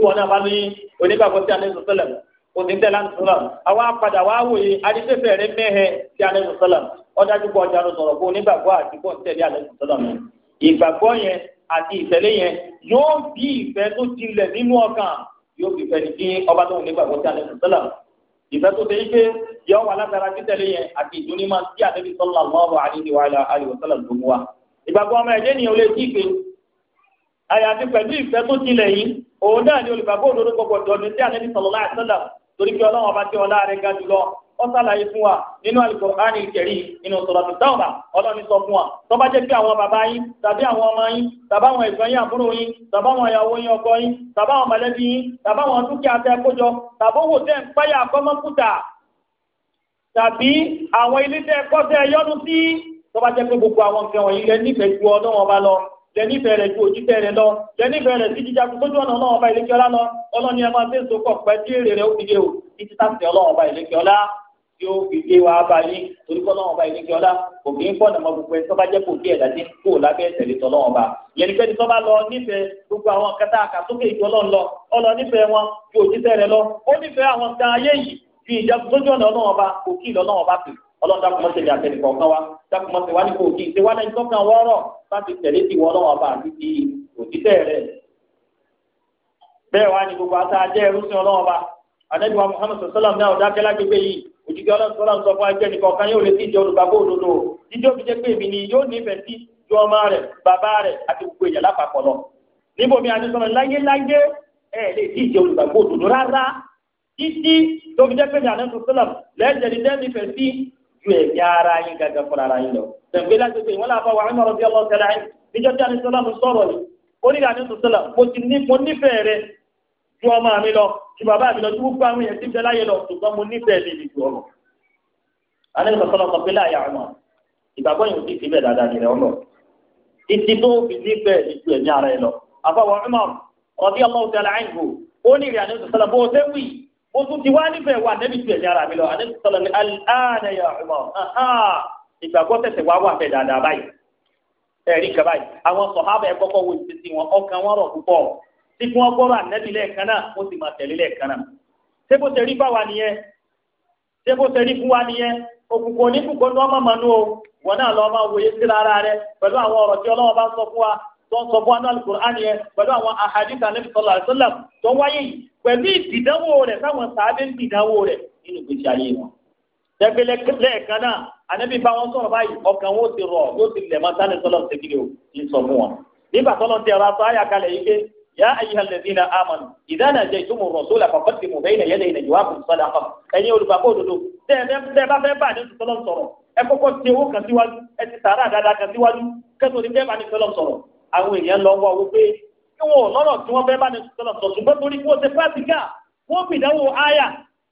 tí wọn náà bá ní onígbàgbọ́ sí alẹ́ sọ́sọ́lẹ̀ kò ní tẹ́lá sọ́sọ́lẹ̀ àwa padà wá wòye adífẹ́fẹ́ rẹ mẹ́hẹ sí alẹ́ sọ́sọ́lẹ̀ ọ̀dájú pọ̀ ọjà ló sọ̀rọ̀ fún onígbàgbọ́ àti kò ń tẹ̀lé alẹ́ sọ́sọ́lẹ̀ ìgbàgbọ́ yẹn àti ìtẹ̀lé yẹn yóò bí ìfẹ́ tó tilẹ̀ nínú ọkàn yóò fi fẹ́ ní ọba tó ń nígbàgbọ́ sí alẹ́ sọ́sọ́lẹ̀ ìfẹ́ tó ṣe é pé yọ wà látara títẹ̀lé yẹn àti ìdúnímọ̀ sí àdébí sọ́lá lọ́wọ́ àdébí wàhálà àlè wọ́sọ́lá àyàfi pẹ̀lú ìfẹ́ tó jinlẹ̀ yìí òun náà ni olùgbàgbọ́ òdodo gbogbo dọ̀nù sí àlẹ́ nìsọ̀lọ́ láì sọ́lá torí pé ọlọ́run ọba tí ọlá rẹ̀ ga jùlọ ó ṣàlàyé fún wa nínú Al-Qur'ani Al-Karim nínú Suratu Tawba ọlọ́run sọ fún wa tó bá jẹ́ pé àwọn bàbá yín tàbí àwọn ọmọ yín tàbí àwọn ẹ̀gbọ́n yín àbúrò yín tàbí àwọn ìyàwó yín ọkọ yín tàbí àwọn mọ̀lẹ́bí yín tàbí àwọn dúkìá tẹ kójọ tàbí owó tẹ ń páyà kọ́mọ́kúta tàbí àwọn ilé tẹ kọ́ tẹ yọ́nu sí tó bá jẹ́ pé gbogbo àwọn nǹkan wọ̀nyí lẹ nífẹ̀ẹ́ ju ọlọ́run ọba lọ jẹnifẹ rẹ ju òjíṣẹ́ rẹ lọ jẹnifẹ rẹ sí jíjà kójú ọ̀nà ọlọ́run ọba ìlékè lọ ọlọ́run ni ẹ máa fẹ́ so pọ̀ pẹ́ tí èrè rẹ ó fi dé o títí táàsì ọlọ́run ọba ìlékè ọlá yóò fi dé wa bá yín torí kọ́ ọlọ́run ọba ìlékè ọlá kò kí ń pọ̀ nàmọ́ gbogbo ẹ̀ sọ́ba jẹ́ kò dé ẹ̀dá tí kò lábẹ́ ìtẹ̀lé tọ́lọ́run ọba yẹnikẹ́ni sọ́ba lọ nífẹ̀ẹ́ gbogbo àwọn kẹta àkàsókè ìjọ lọ́n lọ ọlọ́run dákun mọ́tẹ́ ní àtẹnìkọ̀ kan wa dákun mọ́tẹ́ wá ní kò kí ṣe wá lẹ́yìn tó kàn wọ́ọ́rọ̀ láti tẹ̀lé ti wọ́ọ́rọ̀ ọba àti ti òtítẹ́ rẹ̀. bẹ́ẹ̀ wá ní gbogbo ata ajẹ́ ẹrú sí ọlọ́run ọba Ànábì wa Muhammad sallam náà ọ̀dákẹ́ lágbègbè yìí òjijì ọlọ́run sọ́lá ń sọ fún ẹgbẹ́ nìkan kan yóò lè ti jẹ olùgbàgbọ́ òdodo jíjẹ́ òbí jẹ́ pé èmi ni yóò nífẹ̀ẹ́ sí ju ọmọ rẹ̀ bàbá rẹ̀ àti gbogbo èèyàn lápapọ̀ lọ. níbo mi àti sọ̀rọ̀ láyéláyé ẹ̀ lè ti jẹ olùgbàgbọ́ òdodo rárá títí tóbi jẹ́ pé mi àná sọ̀rọ̀ lẹ́jẹ̀ ní dẹ́nifẹ̀ sí ju ẹ̀mí ara yín gàgà fúnra ara yín lọ. tẹ̀gbẹ́ láti pé ìwọ́n láfa wà Umar radiyallahu ta'ala anhu níjọ́ tí àdìsọ́lá mi sọ̀rọ̀ yìí ó ní ìlànà ìsọ̀sọ́lá mo ti ní mo nífẹ̀ẹ́ rẹ ju ọmọ mi lọ ju bàbá mi lọ ju gbogbo àwọn èèyàn tí ń bẹ láyé lọ ṣùgbọ́n mo nífẹ̀ẹ́ mi ju ọmọ. àlẹ́ ìsọ̀sọ́lá sọ pé láàyè àwọn ìgbàgbọ́ yìí ò sì síbẹ̀ dáadáa nílẹ̀ ọmọ títí tó fi nífẹ̀ẹ́ ju ẹ̀mí ara yẹn lọ. àfọwọ́ Umar radiyallahu ta'ala anhu ó ní ìrìn àná o tún ti wá nífẹ̀ẹ́ wa nẹ́bí tiẹ̀ ní ara mi lọ àdébí sọ̀rọ̀ ní aláàdá yà ìgbàgbọ́ tẹ̀sẹ̀ wá wà dáadáa báyìí ẹ̀rí kan báyìí àwọn sọ̀hábà ẹ̀ kọ́kọ́ wo ìṣesí wọn ọkàn wọn rọ̀ púpọ̀ tí lẹ́ẹ̀kan náà sì máa tẹ̀lé lẹ́ẹ̀kan náà ṣé bó ṣe rí bá wa nìyẹn o wọn náà lọ́ọ́ máa wòye sí ara rẹ pẹ̀lú àwọn ọ̀rọ̀ tí tó ń sọ fún anú alukur'an yẹn pẹ̀lú àwọn ahadith anabi sallallahu alaihi wasallam tó wáyé yìí pẹ̀lú ìdìdánwò rẹ̀ táwọn sàábé ń dìdánwò rẹ̀ nínú ìgbésí ayé wọn. tẹ́gbẹ́lẹ́ lẹ́ẹ̀kan náà anabi bá wọn sọ̀rọ̀ báyìí ọkàn wọn ti rọ̀ yóò ti lẹ̀ máa sáré sọ́lọ́ ṣèkìrì o ń sọ fún wọn. nígbà tọ́lọ́ ti ra sọ àyà kalẹ̀ yìí pé yá ayyuhal ladhina amanu idha najaytumu rasula faqaddimu bayna yaday najwakum sadaqa ẹ̀yin olùgbàgbọ́ òdodo tẹ́ ẹ bá fẹ́ bá àdéhùn sọ́lọ́ sọ̀rọ̀ ẹ kọ́kọ́ ti owó kan síwájú ẹ ti tààrà dáadáa kan síwájú kẹ́tọ́ ni bẹ́ẹ̀ bá ní sọ́lọ́ sọ̀rọ̀ àwọn èèyàn lọ wọ wípé kí wọn ò lọ́rọ̀ tí wọ́n fẹ́ bá ní sọ̀rọ̀ sọ̀rọ̀ ṣùgbọ́n torí kí wọ́n ṣe pàtíkà wọ́n fi ìdánwò àyà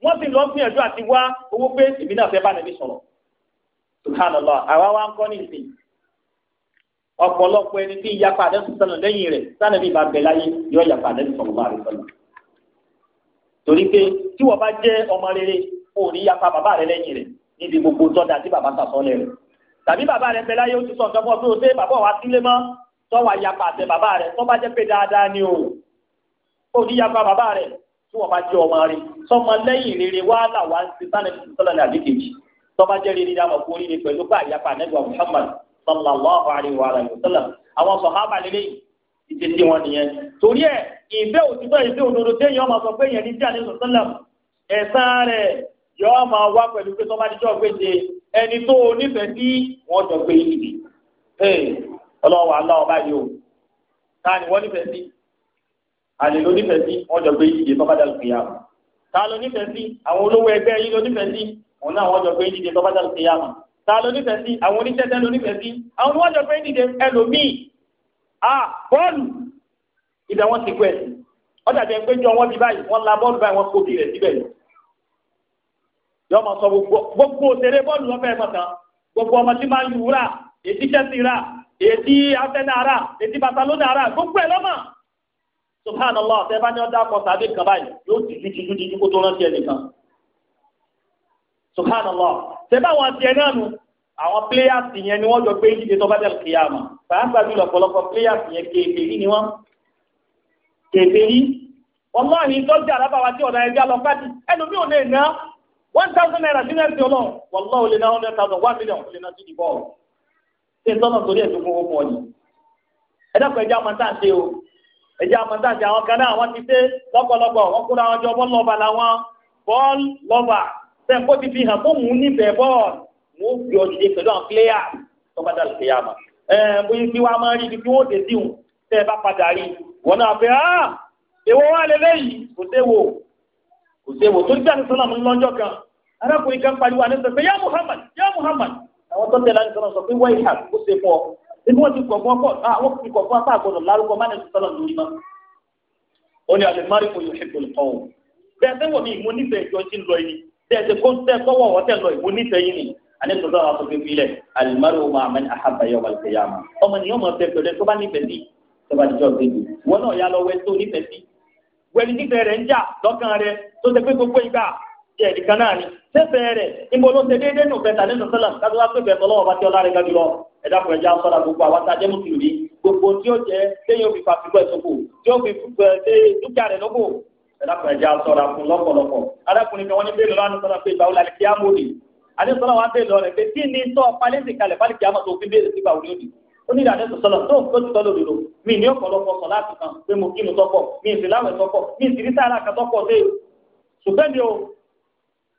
wọ́n sì lọ gbìyànjú àti wá owó pé èmi náà fẹ́ bá nàbí sọ̀rọ̀. subhanallah àwa wa ń kọ́ ní ìsìn ọ̀pọ̀lọpọ̀ ẹni tí ìyapa àdé sọ̀rọ̀ lẹ́yìn rẹ̀ sànàbí bá bẹ̀ láyé yọ ìyapa àdé sọ̀rọ̀ bá rẹ̀ sọ̀rọ̀. torí pé tí wọ́n bá jẹ́ ọmọ rere o ní yapa bàbá rẹ̀ lẹ́yìn rẹ̀ níbi gbogbo tọ́da tí bàbá sàsọ́lẹ̀ rẹ̀ tàbí bàbá rẹ̀ bẹ̀ láyé ó ti sọ̀ nǹkan fún ọ pé o ṣe bàbá wa sílé mọ́ tọ́wọ́ ayapa àtẹ bàbá rẹ̀ tọ́ bá jẹ́ pé dáadáa ni o kò ní yapa bàbá rẹ̀ tí wọ́n bá jẹ́ ọmọ rẹ̀ sọmọ lẹ́yìn rere wàhálà wà ń ṣe sálẹ̀ sọ́lá ní àdékejì tọ́ bá jẹ́ rere dáàmú kó rere pẹ̀lú pé àyapa anẹ́gbà Muhammad sallallahu alayhi wa sallam àwọn sọ̀hábà lélẹ̀ ìtẹ̀sí wọn nìyẹn torí ẹ̀ ìfẹ́ òtítọ́ ìfẹ́ òdodo téèyàn máa sọ pé èèyàn ní díà nínú sọ́lá ẹ̀sán rẹ̀ yọ máa wá pẹ̀lú ọlọ́wọ́ aláwọ̀ báyìí o ta ni wọ́n nífẹ̀ẹ́ sí àlè ló nífẹ̀ẹ́ sí wọ́n jọ gbé ìdíje tó bá dàlù kìyàmù ta ló nífẹ̀ẹ́ sí àwọn olówó ẹgbẹ́ yìí ló nífẹ̀ẹ́ sí òun náà wọ́n jọ gbé ìdíje tó bá dàlù kìyàmù ta ló nífẹ̀ẹ́ sí àwọn oníṣẹ́ṣẹ́ ló nífẹ̀ẹ́ sí àwọn wọ́n jọ gbé ìdíje ẹlòmíì à bọ́ọ̀lù ibẹ̀ wọ́n ti pẹ́ ọjà jẹ́ pé jọ wọ́n ti báyìí wọ́n la bọ́ọ̀lù báyìí wọ́n kó bí rẹ̀ síbẹ̀ èdè afẹ́nà ara èdè Barcelona ara gbogbo ẹ̀ lọ́mọ. subhanallah ọ̀sẹ̀ bá ní ọ̀dà kan tàbí kan báyìí yóò ti di dídú dídú kó tó rántí ẹnìkan. subhanallah ṣé báwọn tiẹ̀ náà nu àwọn players yẹn ni wọ́n jọ gbé ìdíje tó bá dẹ̀ kíyàmá pàápàá jùlọ ọ̀pọ̀lọpọ̀ players yẹn kéèkéèrí ni wọ́n kéèkéèrí ọmọ yìí tó jẹ́ alábàwá tí ọ̀nà ẹ̀dá lọ pàtì ẹlòmí ò lè ná one thousand naira sínú ẹ̀sìn ọlọ́run wọ́n lọ́ọ́ lè ná one hundred thousand one million lè ná sí ìbọ̀ọ̀rù ṣe sọ́nà torí ẹ̀sùn fún ọmọ yìí ẹ̀dàpọ̀ ẹ̀jẹ̀ àmọ́ táà ṣe o ẹ̀jẹ̀ àmọ́ táà ṣe àwọn kan náà wọ́n ti ṣe lọ́pọ̀lọpọ̀ wọ́n kúra wọn jọ bọ́ọ̀lù lọ́ba làwọn bọ́ọ̀lù lọ́ba sẹ́ńkó ti fi hàn fún mú níbẹ̀ bọ́ọ̀lù mú fi ọdìdè pẹ̀lú àwọn pílẹ́yà tọ́padà lè fẹ́yà mà ẹ̀ bóyá bí wàá máa rí ibi tí wọ́n dé sí òun tẹ́ ẹ bá padà rí wọn náà fẹ́ ah! Muhammad ya Muhammad àwọn tó ń tẹ̀lé àti sọ̀rọ̀ sọ pé wọ́n ìhà ó ṣe fún ọ inú wọn ti kọ̀ fún ọkọ̀ àwọn ah, ti kọ̀ fún apá àgbọ̀dọ̀ lárúkọ má nẹ̀sí sọ̀rọ̀ lórí mọ́. ó ní alẹ́ mari kò yọ ṣètò ìtọ́ o bẹ́ẹ̀ sẹ́ wọ̀ mi mo nífẹ̀ẹ́ ìjọ tí ń lọ yìí bẹ́ẹ̀ sẹ́ kó tẹ́ kọ́wọ́ wọ́n tẹ́ lọ ìwọ nífẹ̀ẹ́ yìí ni ale tó dọ́wọ́ sọ fífi lẹ̀ alimari wo maa mẹ ahaba yọ wà lẹ́yà ma ọmọ nìyẹn mọ̀ fẹ́ pẹ̀lú ẹ tó bá tiẹ̀ nìkan náà ni sẹ́fẹ̀ rẹ̀ níbo ló ṣe déédéé nù bẹ́ẹ̀ tàbí sọ́sọ́lá kátó wá pé bẹ́ẹ̀ tọ́lọ́wọ́ bá tí ọlá rẹ̀ gbájú lọ ẹ̀dá kan ẹja sọ́ra gbogbo àwọn tá a jẹ́ mùsùlùmí gbogbo tí ó jẹ́ lẹ́yìn òfin fàfikọ́ ìsopò tí ó fi ṣe dúkìá rẹ̀ lóko ẹ̀dá kan ẹja sọ́ra fún lọ́pọ̀lọpọ̀ arákùnrin kan wọ́n ní bẹ́ẹ̀ lọ́wọ́ àdúgbò náà pé ìgbà wọlé àlìkí àmúrè àdìsọ́lá wa bẹ́ẹ̀ lọ rẹ̀ pé tí ní sọ palẹ́sì kalẹ̀ pálíkì àmọ́ tó fi bẹ́ẹ̀ sí ìgbà wọlé òdì ó ní ìdádẹ́sọ sọlọ tó tó ti tọ́lọ̀ òdòdó mi ní ọ̀pọ̀lọpọ̀ sọ láti kan pé mo kí mi tọ́pọ̀ mi ìsìláwẹ̀ tọ́pọ̀ mi ìsìlítà àràkà tọ́pọ̀ lé ṣùgbọ́n mi ò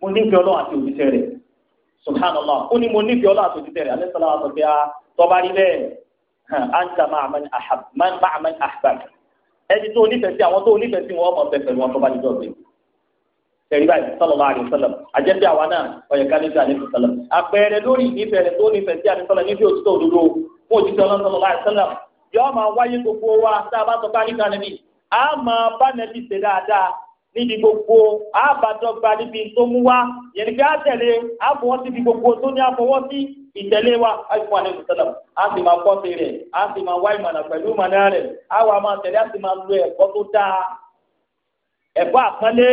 mo nífẹ̀ẹ́ ọlọ́run àti òjíṣẹ́ rẹ̀ subhanallah ó ní mo nífẹ̀ẹ́ ọlọ́run àti òjíṣẹ́ rẹ̀ alẹ́ sọlá sọ pé ah, tọ́ba rí bẹ́ẹ̀ anta máa man ahbab ẹni tó nífẹ̀ẹ́ sí àwọn tó nífẹ̀ẹ́ sí wọn ọmọ ọ̀sẹ̀ pẹ̀lú wọn tọ́ba rí jọ̀ọ́ bẹ́ẹ̀ tẹ̀rí báyìí sọlọ́lá àdìsọ́lọ́m àjẹ́bí àwa náà ọ̀yẹ̀ká ní sàn àdìsọ́lọ́m àpẹẹrẹ lórí ìnífẹ̀ẹ́ tó nífẹ̀ẹ́ sí àdìsọ́lọ́m níbi òtítọ́ òdodo fún òtítọ́ ọlọ́sọlọ́lá àdìsọ́lọ́m yọ́ọ́ máa wáyé gbogbo wa tá a bá sọ níbi gbogbo àbádọ́gba níbi tó mú wá yẹnni pé àtẹ̀lé àfọwọ́ sí ibi gbogbo tó ní àfọwọ́ sí ìtẹ̀lé wa àìfún àlejò sẹ́lẹ̀ á sì máa kọ́ sí rẹ̀ á sì máa wá ìmọ̀nà pẹ̀lú ìmọ̀nà rẹ̀ á wà máa tẹ̀lé á sì máa lo ẹ̀kọ́ tó dáa ẹ̀kọ́ àpọ́nlé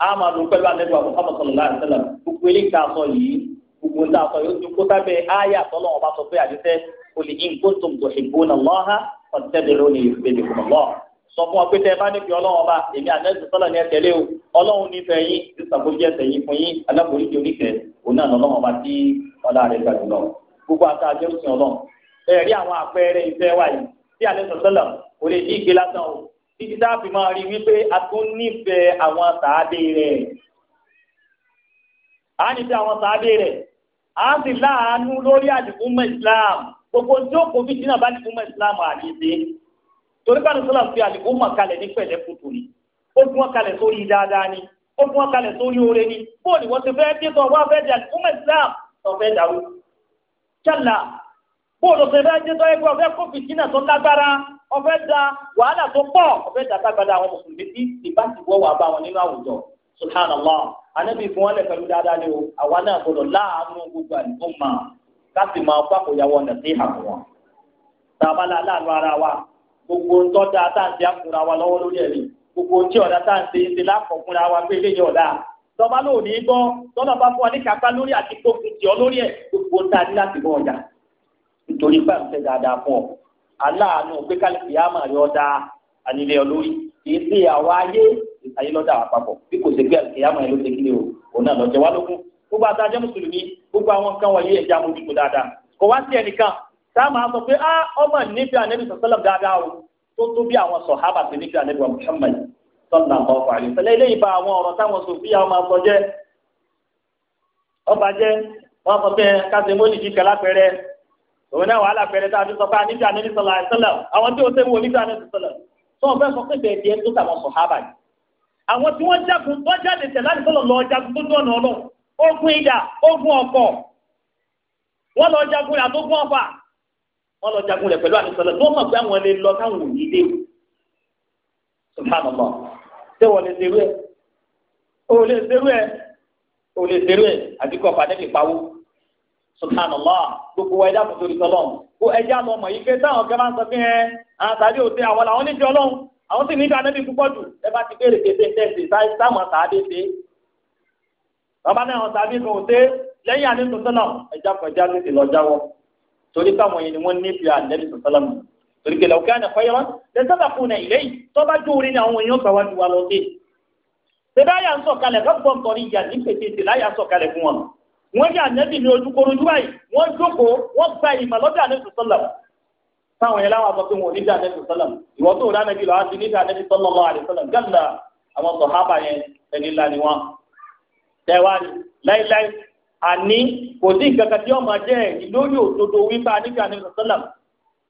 á máa lò pẹ̀lú àlejò àwọn ọmọ sọ̀rọ̀ láàrin sẹ́lẹ̀ gbogbo a sọ yìí gbogbo tá a sọ yìí ó ti kó sábẹ́ áyà tọ́lọ́ sọ fún ọ pé tẹ ẹ bá nífẹ̀ẹ́ ọlọ́run ọba èmi àdẹ́sì sọ́lọ̀ ní ẹtẹ̀lé o ọlọ́run nífẹ̀ẹ́ yín ti sàbójú ẹsẹ̀ yín fún yín alábòójì oníkẹ́ òun náà lọ́lọ́run ọba tí ọlá rẹ̀ gbà jùlọ gbogbo àti àjẹsìn ọlọ́run ẹ rí àwọn àpẹẹrẹ ìfẹ́ wa yìí tí àdẹ́sì sọ́lọ̀ kò lè ní ìgbé lásán o títí tá a fi máa rí wípé a tún nífẹ̀ẹ́ àwọn sàádé rẹ̀ a nífẹ̀ẹ́ àwọn sàádé rẹ̀ a sì láàánú lórí àdìgún mọ́ ìsìláàmù gbogbo tí ó kò fi sínú àbádìgún mọ́ torí bá nìsọ́lá fi àlìkò mọ̀ kalẹ̀ ní pẹ̀lẹ́kùtù ni ó gún wọn kalẹ̀ sórí dáadáa ni ó gún wọn kalẹ̀ sórí oore ni bóòlù wọn ti fẹ́ dé tọ̀ wá fẹ́ di àlìkò mọ̀ islam tọ̀ fẹ́ dàrú. jàlá bóòlù ti fẹ́ dé tọ̀ ẹgbẹ́ ọ̀fẹ́ kó fìtínà tó lágbára ọ̀fẹ́ da wàhálà tó pọ̀ ọ̀fẹ́ da tágbádá àwọn mùsùlùmí tí ìbá ti wọ́ wà bá wọn nínú àwùjọ subhanallah anabi gbogbo ńtọ́ da táǹtì àkùnra wa lọ́wọ́ lórí ẹ̀rí gbogbo ntí ọ̀dà táǹtì ti lákọ̀ọ́kùnra wa pé eléyìí ọ̀dà tọ́ba ló ní gbọ́ tọ́ba bá fún wa ní kápá lórí àti gbógun tì ọ́ lórí ẹ̀ gbogbo ńta ní láti bọ́ ọjà nítorí pé àǹtẹ̀ dáadáa fún ọ aláàánú pé kálífì àmà rẹ ọ̀dà ànílẹ̀ olórí kì í sí àwa ayé ìtayé lọ́dà àpapọ̀ bí kò sí pé àǹtẹ̀ àmà rẹ ló ṣe kíni o òun náà lọ́jọ́ wa lókun gbogbo àtàjẹ́ mùsùlùmí gbogbo àwọn nǹkan wọ̀nyí ẹ̀jẹ̀ amójútó dáadáa kò wá sí ẹnìkan táà máa sọ pé á ah, ọmọ nífẹ̀ẹ́ ànẹ́bí sọ̀tọ́lọ̀ dáadáa o tó tó bí àwọn sọ̀hábà ti nífẹ̀ẹ́ ànẹ́bí wa Muhammad sọ̀tọ̀ àwọn ọkọ̀ àlè tẹ́lẹ̀ ilé ìbá àwọn ọ̀rọ̀ táwọn sòfíà máa sọ jẹ́ ọba jẹ́ wọ́n sọ pé káṣí mọ́lì kíkẹ́ lápẹ̀rẹ́ òun náà wàhálà pẹ̀rẹ́ tá a fi sọ pé ànífẹ̀ẹ́ ànẹ́bí sọ̀lọ̀ àìsọ̀lọ̀ àwọn tí ó sẹ́wọ́ onífẹ̀ẹ́ ànẹ́bí sọ̀lọ̀ tó wọn fẹ́ sọ pé bẹ̀ẹ́ tiẹ̀ tó tàwọn sọ̀hábà yìí àwọn tí wọ́n wọ́n lọ jagun rẹ̀ pẹ̀lú àdìsọ́lẹ̀ tó mọ̀ pé àwọn lè lọ táwọn ò ní dé subhanallah ṣé wọ́n lè ṣerú ẹ̀ o lè ṣerú ẹ̀ o lè ṣerú ẹ̀ àdìkọ̀ fàdébì pawó subhanallah gbogbo wa ẹja tuntun ìsọlọ kó ẹja lọ mọ̀ yìí pé táwọn kẹ́ máa ń sọ fún ẹ àtàlẹ́ òde àwọn làwọn níjọ ọlọ́run àwọn sì níjọ anábì púpọ̀ jù ẹ bá ti béèrè kété tẹ̀sí táwọn sàádé ṣe bàbá náà sàádé kan ò ṣe lẹ́yìn àdìsọ́lọ̀ ẹja kan ẹja tètè lọ jáwọ́ torí káwọn yẹn ni wọ́n ní bíi àlẹ́ bíi sọ̀tọ́lá mu torí pé lọ́kẹ́ àná fẹ́ yọrọ lẹ́sọ̀lá fún un ilé yìí tó bá jó orí ni àwọn èèyàn gbà wá ju wa lọ sí. ṣẹbi àyà ń sọ̀kalẹ̀ gbọ́dọ̀ nítorí ìyá ní pèsè ìṣẹ̀lẹ̀ àyà ń sọ̀kalẹ̀ fún wọn. wọ́n yà nẹ́bì ní ojúkorojú báyìí wọ́n jókòó wọ́n gba ìmọ̀ lọ́dọ̀ àlẹ́ sọ̀tọ́lá táwọn yẹn láwọn àgbọ̀pẹ̀ wọn nídìí àlẹ́ sọ̀tọ́lá ìwọ tó rà nẹ́bì lọ́wọ́ àní kò sí nǹkan kan tí ọmọ jẹ́ ẹ̀yìn lórí òdodo wípé anígbà ní sọ́làm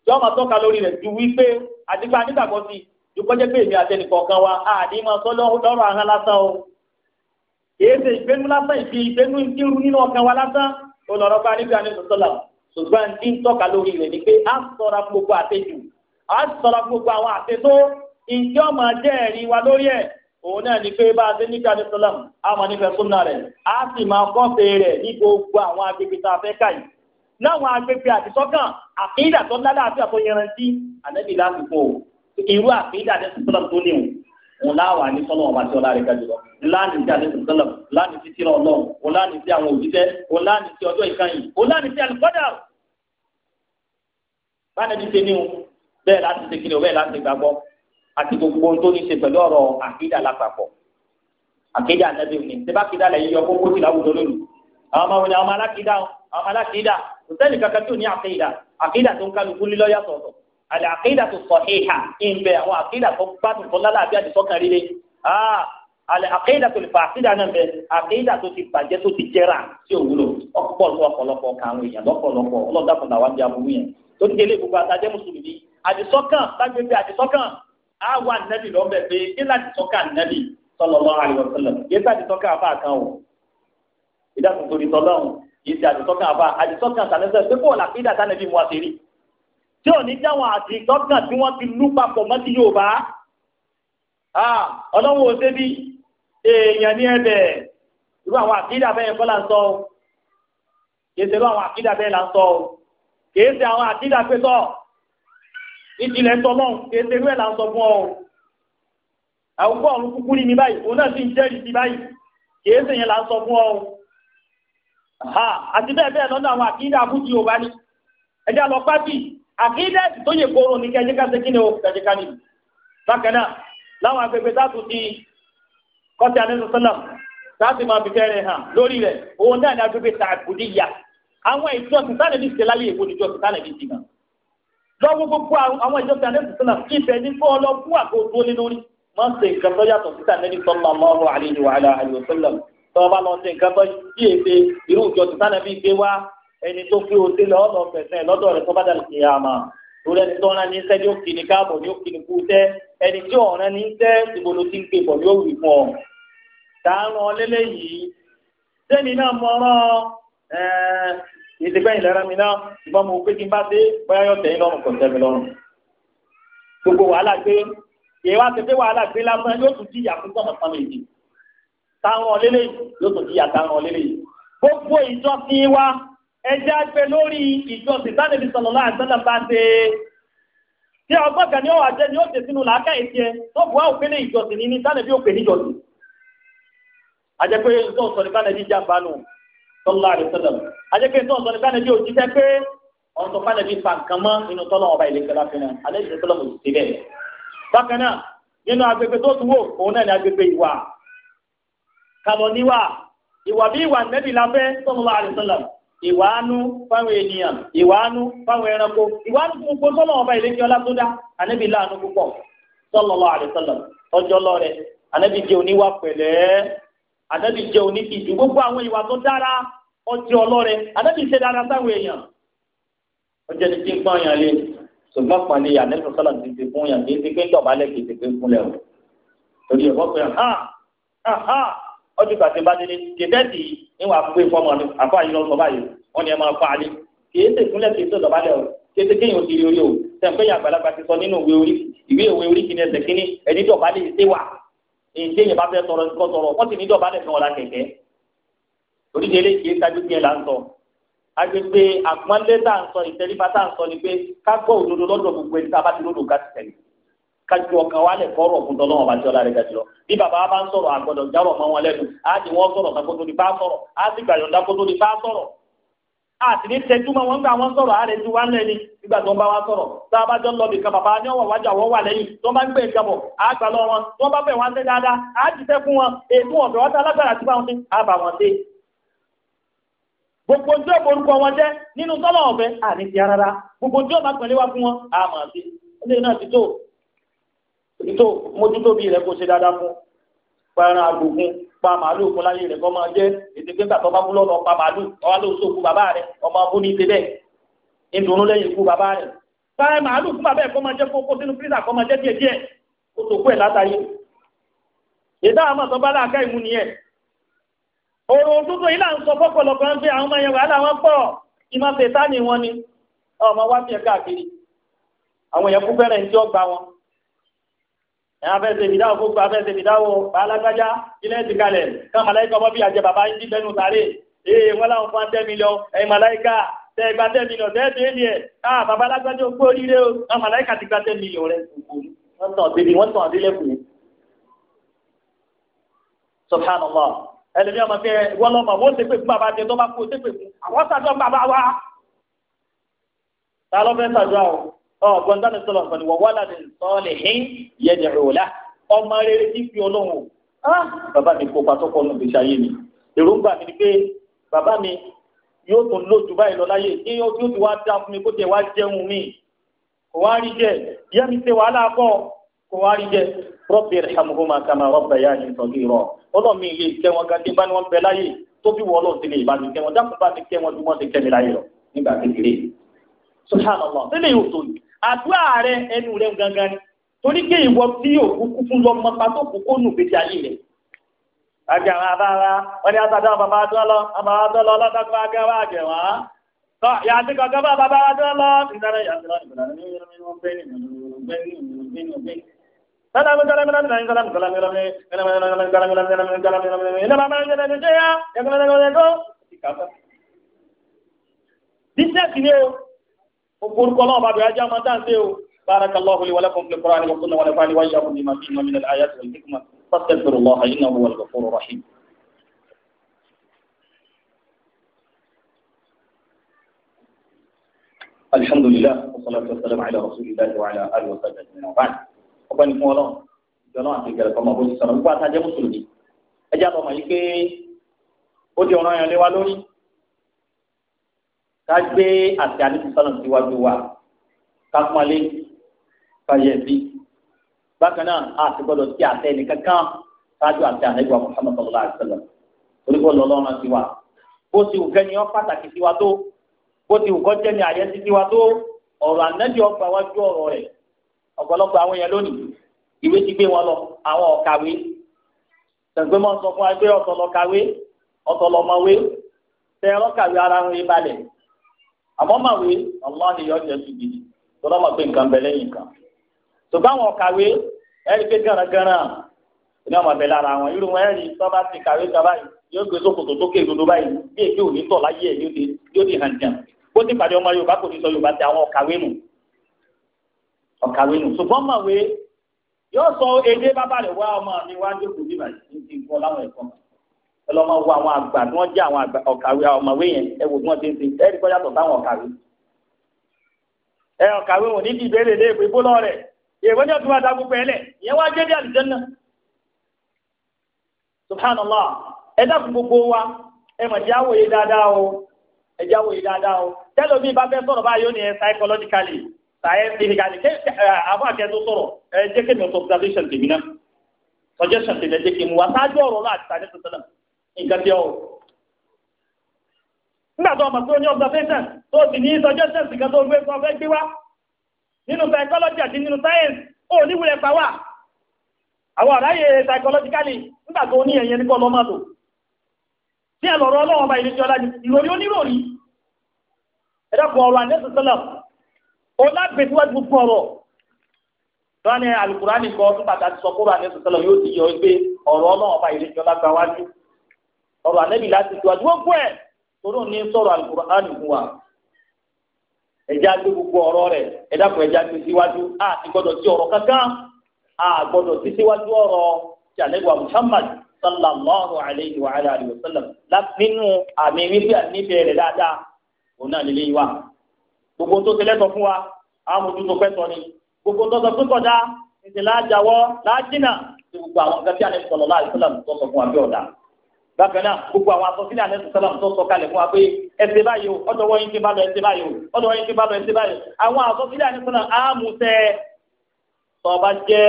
tí ọmọ tọ́ka lórí rẹ̀ ju wípé àdìgbà nígbàgbọ́ sí dùkọ́jẹ́ pé èmi àtẹnì kọ̀ọ̀kan wa àní máa sọ lọ́rọ̀ ahọ́n lásán o kìí ṣe ìgbénu lásán ìfi ìgbénu ìdírú nínú ọkàn wa lásán ó lọ́rọ̀ bá nígbà ní sọ́làm ṣùgbọ́n tí ń tọ́ka lórí rẹ̀ ni pé á sọra gbogbo àtẹjù á sọra gbogbo àwọn àtẹtó ìjọ́ máa jẹ́ ẹ̀rí wa lórí ẹ̀ òun náà ni pé bá a ti níkà ní sọlọm a máa nífẹ̀ẹ́ súnà rẹ̀ a sì máa kọ́fẹ́ rẹ̀ ní gbogbo àwọn agbègbè tá a fẹ́ kà yìí láwọn agbègbè àtisọ́kàn àkíńdà tó lálàáfíà tó yanrantí ànábì lásìkò irú àkíńdà ní sọlọm tó níwò òun láwà ní sọlọm ọba tí ọlá rẹ̀ ga jùlọ láàánú sí àdéhùn sọlọm láàánú sí tìrọ Ọlọ́run òun láàánú sí àwọn òjíṣẹ́ òun láàánú sí ọjọ́ ìkànnì àti gbogbo ohun tó ní ṣe pẹ̀lú ọ̀rọ̀ àkídà lápapọ̀ àkídà ànábì òní ṣẹba àkídà lẹ yíyọ kókó sí láwùjọ lónìí àwọn ọmọ wọn ni àwọn alákídà àwọn alákídà kò sẹ́ni kankan tó ní àkídà àkídà tó ń kálukú lílọ́ yàtọ̀ọ̀tọ̀ àlẹ́ àkídà tó sọ híhà ìbẹ̀ àwọn àkídà tó gbádùn tó lálàbí àdìsọ́kàn líle àlẹ́ àkídà tó lè fà àkídà náà bẹ àkídà tó ti bàjẹ́ tó ti jẹ́ra tí ò wúlò ọ̀pọ̀lọpọ̀ ọ̀pọ̀lọpọ̀ kàwọn èèyàn lọ́pọ̀lọpọ̀ ọlọ́dàkùnrin àwọn àbí aburú yẹn tó ti délé gbogbo àtàjẹ́ mùsùlùmí àdìsọ́kàn lágbègbè àdìsọ́kàn á nabi nẹ́bì lọ́bẹ̀ pé kí nabi. tọ́ka nẹ́bì sallallahu alaihi wasallam yé sáà ti tọ́ka àbá kan o ìdáàbò torí tọ́lọ́hún yìí ti àdìtọ́ka àbá àdìtọ́ka sàlẹ́sẹ̀ pé kò làkí dàtà nẹ́bì mu àṣírí tí ò ní jáwọn àdìtọ́ka tí wọ́n ti lú papọ̀ mọ́ ti Yorùbá ọlọ́run ò débi èèyàn ní ẹ̀bẹ̀ irú àwọn àkídà bẹ́ẹ̀ kọ́ là ń sọ o kèsè irú àwọn àkídà bẹ́ẹ̀ là ń sọ o àwọn àkídà pé sọ ìjìnlẹ̀ ń tọ́lọ́ ètè rẹ̀ là ń sọ fún ọ. àwùjọ ọ̀run kúkú ní mi báyìí òun náà sì ń jẹ́rìí sí báyìí kìí sèyìn là fún ọ. àti bẹ́ẹ̀ bẹ́ẹ̀ lọ́nà àwọn àkídà àbújì yorùbá ni ẹja lọ pátì àkídà ẹ̀sìn tó yẹ kóró ní kẹjíká ṣe kí ni o kẹjíká ni. bákan náà láwọn agbègbè táàtù ti kọ́tí alẹ́ sọ́lá táàtì máa bìtẹ́ rẹ̀ hàn lórí rẹ̀ òun náà ní agbègbè àwọn lọ́wọ́ gbogbo àwọn ìjọba àdéhùn sílẹ̀ ibẹ̀ ní kọ́ lọ fún àkóso ní lórí má ṣe nǹkan tó yàtọ̀ síta nẹ́ni sọ́nà lọ́rọ̀ àlejò àlà àlejò sílẹ̀ tó bá lọ ṣe nǹkan tó yí èdè irú ìjọ tí sànà bí gbé wá ẹni tó fi òde lọ ọ̀nà ọ̀fẹ̀sẹ̀ lọ́dọ̀ rẹ̀ tó bá dàlù kìí àmà lórí ẹni tó rán ní sẹ́ ní òkè káàbọ̀ ní ìdí bẹ́ẹ̀ ìlera mi náà ìbọn mo pé kí n bá dé bóyá yóò tẹ̀yìn lọ́rùn kò tẹ̀mí lọ́rùn. gbogbo wàhálà gbé yẹ wá ti pé wàhálà gbé lásán yóò tún jìyà fún sọ̀nà sọ̀nà èdè táwọn ọ̀lẹ́lẹ̀ yóò tún jìyà táwọn ọ̀lẹ́lẹ̀ yìí. gbogbo ìjọsìn wa ẹjẹ́ àgbẹ̀ lórí ìjọsìn tánàbí sọ̀nà láà sọ̀nà bá ṣe tí ọgbọ́n kan ni ó wà jẹ́ ni ó ṣe sínú làákà ìṣe tó bu àwọn òpin ìjọsìn ní tánàbí òpin ìjọsìn. àjẹpẹ́ ìjọ sallallahu alaihi wasallam ajẹ́kẹ́ tó ń sọ ní bá nàbí òjíṣẹ́ pé ọ̀n tó fánàbí fa nǹkan mọ́ inú tọ́lọ́ ọba ìlẹ́kẹ́ láfihàn alẹ́ ìṣẹ́ tọ́lọ́ mọ̀ sí bẹ́ẹ̀. bákan náà nínú agbègbè tó tún wò òun náà ní agbègbè ìwà kàlọ́ níwà ìwà bí ìwà nẹ́bí lábẹ́ sallallahu alaihi wasallam ìwàánu fáwọn ènìyàn ìwàánu fáwọn ẹranko ìwàánu gbogbo tọ́lọ́ ọba ìlẹ́kẹ́ ọlá tó ànábì jẹ́ oníkìjú gbogbo àwọn ìwà tó dára ọjọ́ ọlọ́rẹ ànábì ṣe dára sáwọn èèyàn ọjọ́ ní kí n gbọ́n yàn lé ṣùgbọ́n kan lè ànábì sọ́lá ti ti fún yàn kí n ti pé ń dọ̀bálẹ̀ kì í ti pé ń fúnlẹ̀ o torí ẹ̀kọ́ pé ha ha ọjọ́ ìgbà tí n bá délé jẹ́dẹ́ẹ̀dì ìwà pé fọmọ ni àfọ àyè lọ sọ báyìí wọ́n ní ẹ máa fa alé kì í ti fúnlẹ̀ kì í tó dọ̀bálẹ̀ o kì í ti kéèyàn ti rí orí o tẹ̀pẹ́yà àgbàlagbà ti sọ nínú ìwé orí ìwé ìwé orí kìíní ẹsẹ̀ kìíní ẹni dọ̀bálẹ̀ ìṣe wà èdè yẹn bá fẹ́ tọrọ nǹkan tọrọ wọ́n sì ní dọ̀bá lẹ̀ fún ọ̀la kẹ̀kẹ́ oríṣi eléyìí ṣáájú bí ẹ là ń sọ agbègbè àpọ́nlé tá à ń sọ ìtẹríba tá à ń sọ ni pé ká gbọ́ òdodo lọ́dọ̀ gbogbo ẹni tá a bá ti lódò ká ti tẹ̀lé ká ju ọkàn wa lẹ̀ fọ́rọ̀ fún tọ́lọ́wọ́n bá ti ọ̀la rẹ̀ gàdí lọ bí bàbá bá ń sọ̀rọ̀ àgbọ̀dọ̀ járọ̀ mọ́ wọn lẹ́nu á ní wọ́n sọ̀rọ̀ sọ̀rọ̀ àti ní tẹjúmọ́ wọn gbà wọn sọ̀rọ̀ ààrẹ ju wá lẹ́ni nígbà tó ń bá wa sọ̀rọ̀ tá a bá jọ lọ nìkan bàbá ní ọ̀wọ̀ wájà wọ́n wà lẹ́yìn tó bá ń gbé nǹkan bọ̀ á gbà lọ wọn tó bá bẹ̀ wọn ṣe dáadáa á jíṣẹ́ fún wọn ètò ọ̀dọ̀ ọ̀tá alágbára tí wọn ṣe á bà wọn dé. gbogbo ojú ẹ̀kọ́ orúkọ wọn jẹ́ nínú sọ́nà ọ̀fẹ́ àní ti rárá gbogbo ojú ọ̀bá pẹ̀lú wa fún wọn á mà sí ilé náà ti tó ti tó mójútó bí rẹ kó ṣe dáadáa fún pa màálù fún láyé rẹ̀ kọ́ máa jẹ́ ètò ìgbésà tó bá múlọ́ lọ pa màálù ọwá ló so kú bàbá rẹ̀ ọmọ abú ní ìtẹ́lẹ̀ ìdùnnú lẹ́yìn ikú bàbá rẹ̀. báyìí màálù fún bàbá ẹ̀ kọ́ máa jẹ́ kókó sínú fírísà kọ́ máa jẹ́ díẹ̀ díẹ̀ kó tó kú ẹ̀ látàyè. ìdá àmọ́ sọ bá láàká ìmú nìyẹn. òrò òdúdó yìí là ń sọ fọ́pọ̀lọpọ̀ ń fi àwọn ọmọ yẹn wàhálà wọn pọ̀ ìmọ̀ tẹ̀sán ni wọ́n ni ọmọ wá fi ẹ̀ káàkiri àwọn ẹ afẹ́ ṣe fìdáwò gbogbo afẹ́ ṣe fìdáwò alágbájá ilẹ̀ ti kalẹ̀ ká màláìka ọmọ bíi àjẹ bàbá yín bẹnu sáré ee wọn làwọn fún atẹ́ mílíọ̀n ẹ màláìka tẹ gba tẹ mílíọ̀n tẹ tẹ ẹni ẹ ká bàbá alágbájá ó gbórí rẹ o ká màláìka ti gba tẹ mílíọ̀n rẹ wọn tàn débi wọn tàn délé kù. subhanallah ẹlẹ́mi ọmọ fẹ́ wọn lọ́mọ wọn ṣe pé fún bàbá tẹ tó bá kú ó ṣe pé fún àwọn sàdúrà ọgbọ́n dáná sọ̀rọ̀ nǹkan ni wọ́n wá láti sọ́ọ̀lì hín yẹ̀dẹ̀ òòlà ọmọ rere ti fi ọlọ́run o bàbá mi kópa tó kọ́ ọ́nà ìgbésí ayé mi èròǹgbà mi ni pé bàbá mi yóò tún lò jù báyìí lọ láyé ní yóò tún wá dá fún mi kó tiẹ̀ wá jẹun mi kò wá rí jẹ ìyá mi ṣe wàhálà pọ̀ kò wá rí jẹ rọ́bì irhamhuma kama rabbayani saghira ọlọ́mi iye ìkẹ́ wọn gan dínbá ni wọ́n bẹ láyé tó bí wọ́n lọ́ọ̀ sílẹ̀ ìbámu kẹ́ wọn dákùn bá mi kẹ́ wọn ju ti kẹ́ mi láyé lọ nígbà kékeré subhanallah sílẹ̀ yóò tó yìí àdúrà rẹ ẹnu rẹ gangan ni torí pé ìwọ tí òkú kú fún lọ mọ pàtó kú kó nù gbèsè ayé rẹ. àgbẹ̀ àwọn abára wọn ni àtàdá bàbá dọ́lọ́ bàbá dọ́lọ́ lọ́dọ́gba gẹ́wà àjẹwà. tọ́ yàtí kankan bá bàbá dọ́lọ́ ìdáná yàtí lọ́dọ̀ ìgbàlá ní ìrìnnà ní Sada mi dala mi dala mi dala mi dala mi dala وقول الله بعد يا جماعة تنسوا بارك الله لي ولكم في القرآن والسنة ونفعني وإياكم بما فيه من الآيات والحكمة فاستغفر الله إنه هو الغفور الرحيم الحمد لله والصلاة والسلام على رسول الله وعلى آله وصحبه أجمعين وبعد ọgbẹni fún Ọlọ́run ìjọba àti ìgbẹrẹ fọmọ bó ti sọ̀rọ̀ nípa àtàjẹ mùsùlùmí ẹjẹ àtọmọ yìí pé ó di ọ̀ràn yẹn lé wa lórí kágbé àti àdéhùn sọlọ síwájú wa kápọnlé fàyẹbí bákan náà àti gbọ́dọ̀ sí àtẹ ẹnìkankan ṣáájú àti àdéhùn wa Muhammad sallallahu alaihi wasallam onígbọ lọlọrun sí wa bó ti wù kẹni ọ pàtàkì sí wa tó bó ti wù kọjẹ ní àyẹ sí wa tó ọ̀rọ̀ ànájì ọgbà wájú ọ̀rọ̀ rẹ̀ ọ̀pọ̀lọpọ̀ àwọn yẹn lónìí ìwé ti gbé wọn lọ àwọn ọkàwé tẹgbẹmọ sọ fún wa pé ọtọlọkàwé ọtọlọmọwé tẹ ọlọkàwé ara wọn yé balẹ̀ àmọ́ màwé ọlọ́ọ̀ni yọ jẹ́ sí gidi tọ́lọ́ mọ̀ pé nǹkan bẹ lẹ́yìn kan ṣùgbọ́n àwọn kàwé ẹ̀rí pé gánragánra ní ọmọ bẹ lára wọn irú wọn ẹ̀rí tó bá ti kàwé kaba yìí yóò gbé sókòtò sókè dodo báyìí bí èké òní tọ̀ láyé ẹ̀ yóò di hàn jàn bó ti pàdé ọmọ Yorùbá kò ní sọ Yorùbá ti àwọn ọ̀kàwé nù ọ̀kàwé nù ṣùgbọ́n màwé yóò sọ èdè bàbá rẹ̀ wá ọmọ mi wá jókòó bí bàjẹ́ ní ti gbọ́ láwọn ẹ̀kọ́ náà ọlọ́mọ wo àwọn àgbà tí wọ́n jẹ́ àwọn ọ̀kàwé ọ̀mọ̀wé yẹn ẹ wò bí wọ́n ti ń sin ẹ rí kọ́ yàtọ̀ sáwọn ọ̀kàwé. ẹ ọ̀kàwé wọn ní ìbéèrè lé ìpè bó lọ́ọ̀rẹ̀ èèwọ̀ ní ọ̀tún àdá gbogbo ẹlẹ̀ ìyẹn wá jẹ́ dé àlùjànnà. subhanallah ẹ dákun gbogbo wa ẹ mọ̀ sí àwòye dáadáa o ẹ jẹ́ àwòye dáadáa o tẹ́lẹ̀ omi bá fẹ́ sọ̀rọ̀ báyọ̀ ni ẹ psychologically scientifically ké àbọ̀ àkẹ́tọ̀ sọ̀rọ̀ ẹ jẹ́ kémi observation tèmi náà suggestion tèmi ẹ jẹ́ kémi wá sáájú ọ̀rọ̀ náà àti sàdé tuntun náà nǹkan tí ọ wò. nígbà tó ọmọ tó ní observation tó sì ní suggestions kan tó gbé kan fẹ́ gbé wá nínú psychology àti nínú science ó ní wulẹ̀ pa wá. àwọn àráyè psychologically nígbà tó ní ẹ̀yẹ nípa ọlọ́mọ lò. tí ẹ lọ̀rọ̀ ọlọ́wọ́n ọba ìrètí ọlá ìròrí oníròrí ẹ̀dọ́kùn ọ̀rọ̀ àdẹ́sọ̀sọ́lá ó lágbèsíwájú fún ọ̀rọ̀ lọ́nà alukurani kọ́ tó bàtà ti sọ kóra àdẹ́sọ̀sọ́lá yóò ti yọ pé ọ̀rọ̀ ọlọ́wọ́n ọba ìrètí ọlá gbà wájú ọ̀rọ̀ ànẹ́bí láti tó àti gbogbo ẹ̀ torí ní sọ̀rọ̀ alukur'an fún wa ẹ̀já gbé gbogbo ọ̀rọ̀ rẹ̀ ẹ̀dá kan ẹ̀já gbé síwájú a ti gbọ́dọ̀ sí ọ̀rọ̀ kankan a gbọ́dọ̀ sí síwájú ọ̀rọ̀ ti ànẹ́bí wa Muhammad sallallahu alayhi wa alayhi wa sallam nínú àmì wípé àníbẹ̀ rẹ̀ dáadáa òun náà nílé wa gbogbo tó ti lẹ́tọ̀ fún wa àmójútó pẹ́tọ́ ni gbogbo tó sọ pé kọjá ìṣẹ̀lá àjàwọ́ láàjìnà gbogbo àwọn nǹkan tí ànẹ́bí sallallahu alayhi tó sọ fún wa bí ọ̀dà bákan náà gbogbo àwọn àsọsílẹ̀ alẹ́ tó sọ́lá tó sọ kalẹ̀ fún wa pé ẹsẹ̀ báyìí o ọ̀dọ̀ wọ́n yín ti bá lọ ẹsẹ̀ báyìí o ọ̀dọ̀ wọ́n yín ti bá lọ ẹsẹ̀ báyìí o àwọn àsọsílẹ̀ alẹ́ sọ́lá àmúṣẹ tọba jẹ́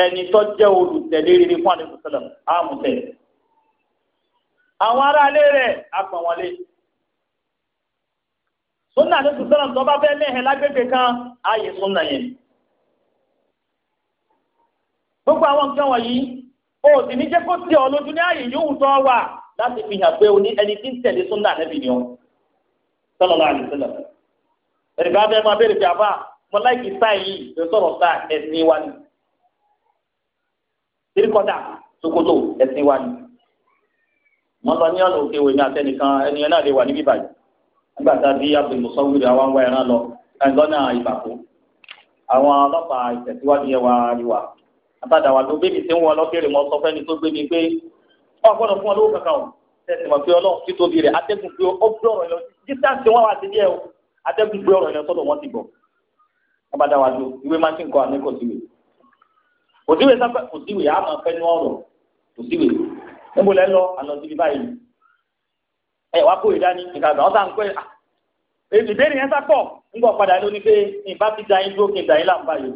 ẹni tó jẹ́ olùtẹ̀lé rere fún alẹ́ tó sọ́lá àmúṣẹ. àwọn aráalé rẹ̀ apọ̀ wọn lé sunna alẹ́ tó sọ́lá fẹ́ lẹ́hẹ̀ lágbègbè kan ààyè sunna yẹn gbogbo àwọn nǹkan wọ̀nyí o sì ní jẹ́ kó tẹ ọ lójú ní ààyè yòówù tó wà láti fi hàn pé o ní ẹni tí ń tẹ̀lé súnà nẹ́bì ni ọ sallallahu alaihi wasallam ẹ̀rìbá bẹ́ẹ̀ máa bẹ̀rẹ̀ bí abá mo láìkì sáà yìí ló sọ̀rọ̀ sáà ẹ̀sìn wa ni tirikọ́dà sokoto ẹ̀sìn wa ni wọ́n lọ ní ọ̀nà òkè wèmí àtẹnìkan ẹnìyẹn náà lè wà níbí báyìí nígbà tá a bí abdulmusawiri àwọn àwọn ẹran lọ ẹgbọ́n ìbàkú àwọn ọlọ́pàá ìtẹ̀síwájú yẹn wá rí wa àbádàwà ló gbé mi sí wọn lọ́kẹ́rẹ́ wọn sọ fẹ́ni tó gbé mi pé ọgbọ́dọ̀ fún wọn lówó kankan o tẹ̀sí mọ̀ pé ọlọ́run ti tóbi rẹ̀ atẹ́gùn pé ó gbé ọ̀rọ̀ lọ distance wọn wà sí díẹ̀ o atẹ́gùn gbé ọ̀rọ̀ lọ sọ́dọ̀ wọn ti gbọ́ àbádàwà ló ìwé máa ti ń kọ àmì kò síwèé kò síwèé sáfẹ́ kò síwèé á máa fẹ́ ní ọ̀rọ̀ kò síwèé níbo lẹ́ lọ àná síbi báyìí ẹ wá kó ìdání nǹkan àgbà wọn sá ń pẹ́ ah, ìbéèrè yẹn sá pọ̀ ń gbọ́ padà lónìí pé ìbá ti da yín dúró kí n da yín láǹbá yìí